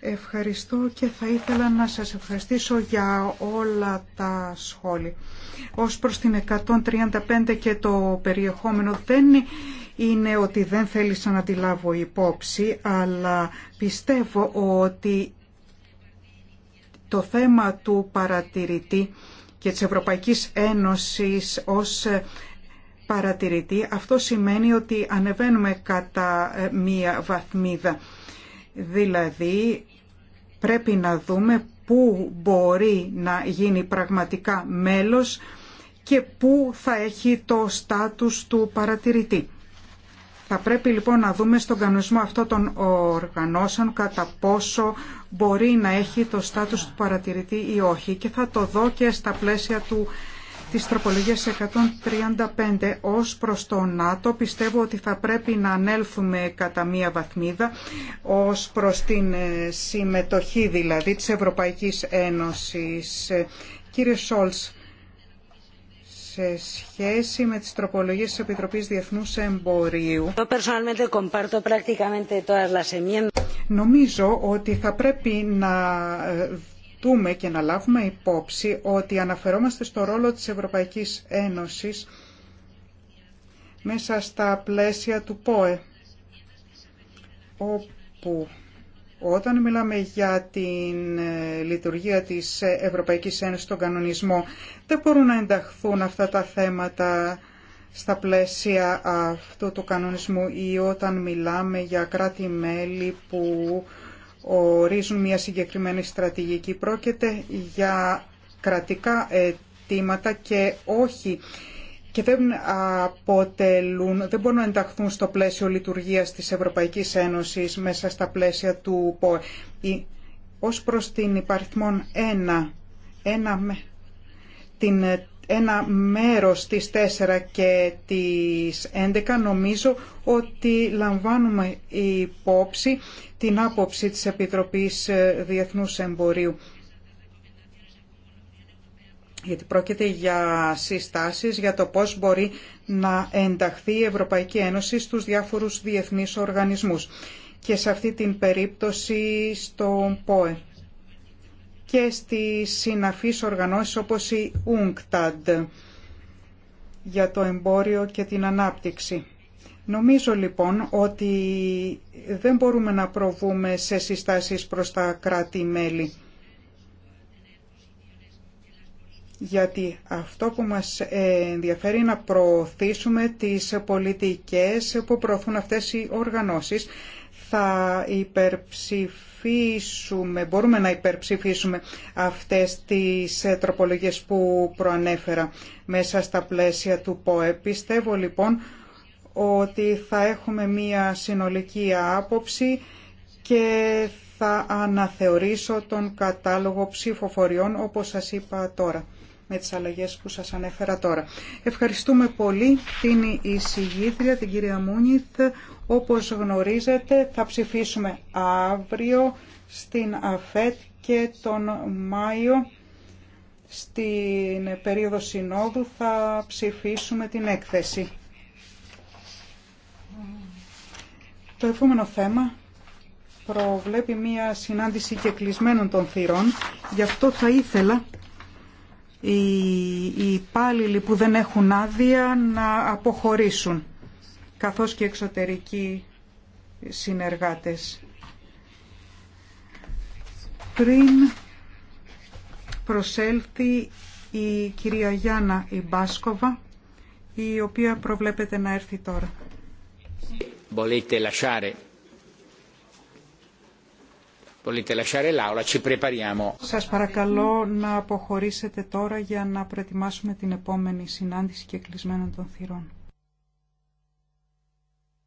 Ευχαριστώ και θα ήθελα να σας ευχαριστήσω για όλα τα σχόλια. Ως προς την 135 και το περιεχόμενο δεν είναι ότι δεν θέλησα να τη λάβω υπόψη, αλλά πιστεύω ότι το θέμα του παρατηρητή και της Ευρωπαϊκής Ένωσης ως παρατηρητή, αυτό σημαίνει ότι ανεβαίνουμε κατά μία βαθμίδα. Δηλαδή Πρέπει να δούμε πού μπορεί να γίνει πραγματικά μέλος και πού θα έχει το στάτους του παρατηρητή. Θα πρέπει λοιπόν να δούμε στον κανονισμό αυτό των οργανώσεων κατά πόσο μπορεί να έχει το στάτους του παρατηρητή ή όχι και θα το δω και στα πλαίσια του της τροπολογίας 135 ως προς το ΝΑΤΟ πιστεύω ότι θα πρέπει να ανέλθουμε κατά μία βαθμίδα ως προς την ε, συμμετοχή δηλαδή της Ευρωπαϊκής Ένωσης. Ε, κύριε Σόλτς, σε σχέση με τις τροπολογίες της Επιτροπής Διεθνούς Εμπορίου. Νομίζω ότι θα πρέπει να ε, σκεφτούμε και να λάβουμε υπόψη ότι αναφερόμαστε στο ρόλο της Ευρωπαϊκής Ένωσης μέσα στα πλαίσια του ΠΟΕ, όπου όταν μιλάμε για την ε, λειτουργία της Ευρωπαϊκής Ένωσης στον κανονισμό, δεν μπορούν να ενταχθούν αυτά τα θέματα στα πλαίσια αυτού του κανονισμού ή όταν μιλάμε για κράτη-μέλη που ορίζουν μια συγκεκριμένη στρατηγική. Πρόκειται για κρατικά αιτήματα και όχι και δεν αποτελούν, δεν μπορούν να ενταχθούν στο πλαίσιο λειτουργίας της Ευρωπαϊκής Ένωσης μέσα στα πλαίσια του ΠΟΕ. Ως προς την υπαριθμόν ένα, ένα, την, ένα μέρος της 4 και της 11 νομίζω ότι λαμβάνουμε υπόψη την άποψη της Επιτροπής ε, Διεθνούς Εμπορίου γιατί πρόκειται για συστάσεις για το πώς μπορεί να ενταχθεί η Ευρωπαϊκή Ένωση στους διάφορους διεθνείς οργανισμούς και σε αυτή την περίπτωση στο ΠΟΕ και στις συναφείς οργανώσεις όπως η UNCTAD για το εμπόριο και την ανάπτυξη. Νομίζω λοιπόν ότι δεν μπορούμε να προβούμε σε συστάσεις προς τα κράτη-μέλη. Γιατί αυτό που μας ενδιαφέρει να προωθήσουμε τις πολιτικές που προωθούν αυτές οι οργανώσεις. Θα υπερψηφίσουμε, μπορούμε να υπερψηφίσουμε αυτές τις τροπολογίες που προανέφερα μέσα στα πλαίσια του ΠΟΕ. Πιστεύω λοιπόν ότι θα έχουμε μία συνολική άποψη και θα αναθεωρήσω τον κατάλογο ψηφοφοριών όπως σας είπα τώρα με τις αλλαγές που σας ανέφερα τώρα. Ευχαριστούμε πολύ την εισηγήτρια, την κυρία Μούνιθ. Όπως γνωρίζετε θα ψηφίσουμε αύριο στην ΑΦΕΤ και τον Μάιο στην περίοδο συνόδου θα ψηφίσουμε την έκθεση. Το επόμενο θέμα προβλέπει μία συνάντηση και κλεισμένων των θυρών. Γι' αυτό θα ήθελα οι υπάλληλοι που δεν έχουν άδεια να αποχωρήσουν, καθώς και εξωτερικοί συνεργάτες. Πριν προσέλθει η κυρία Γιάννα Ιμπάσκοβα, η οποία προβλέπεται να έρθει τώρα volete lasciare lasciare l'aula, ci prepariamo. Σας παρακαλώ να αποχωρήσετε τώρα για να προετοιμάσουμε την επόμενη συνάντηση και κλεισμένων των θυρών.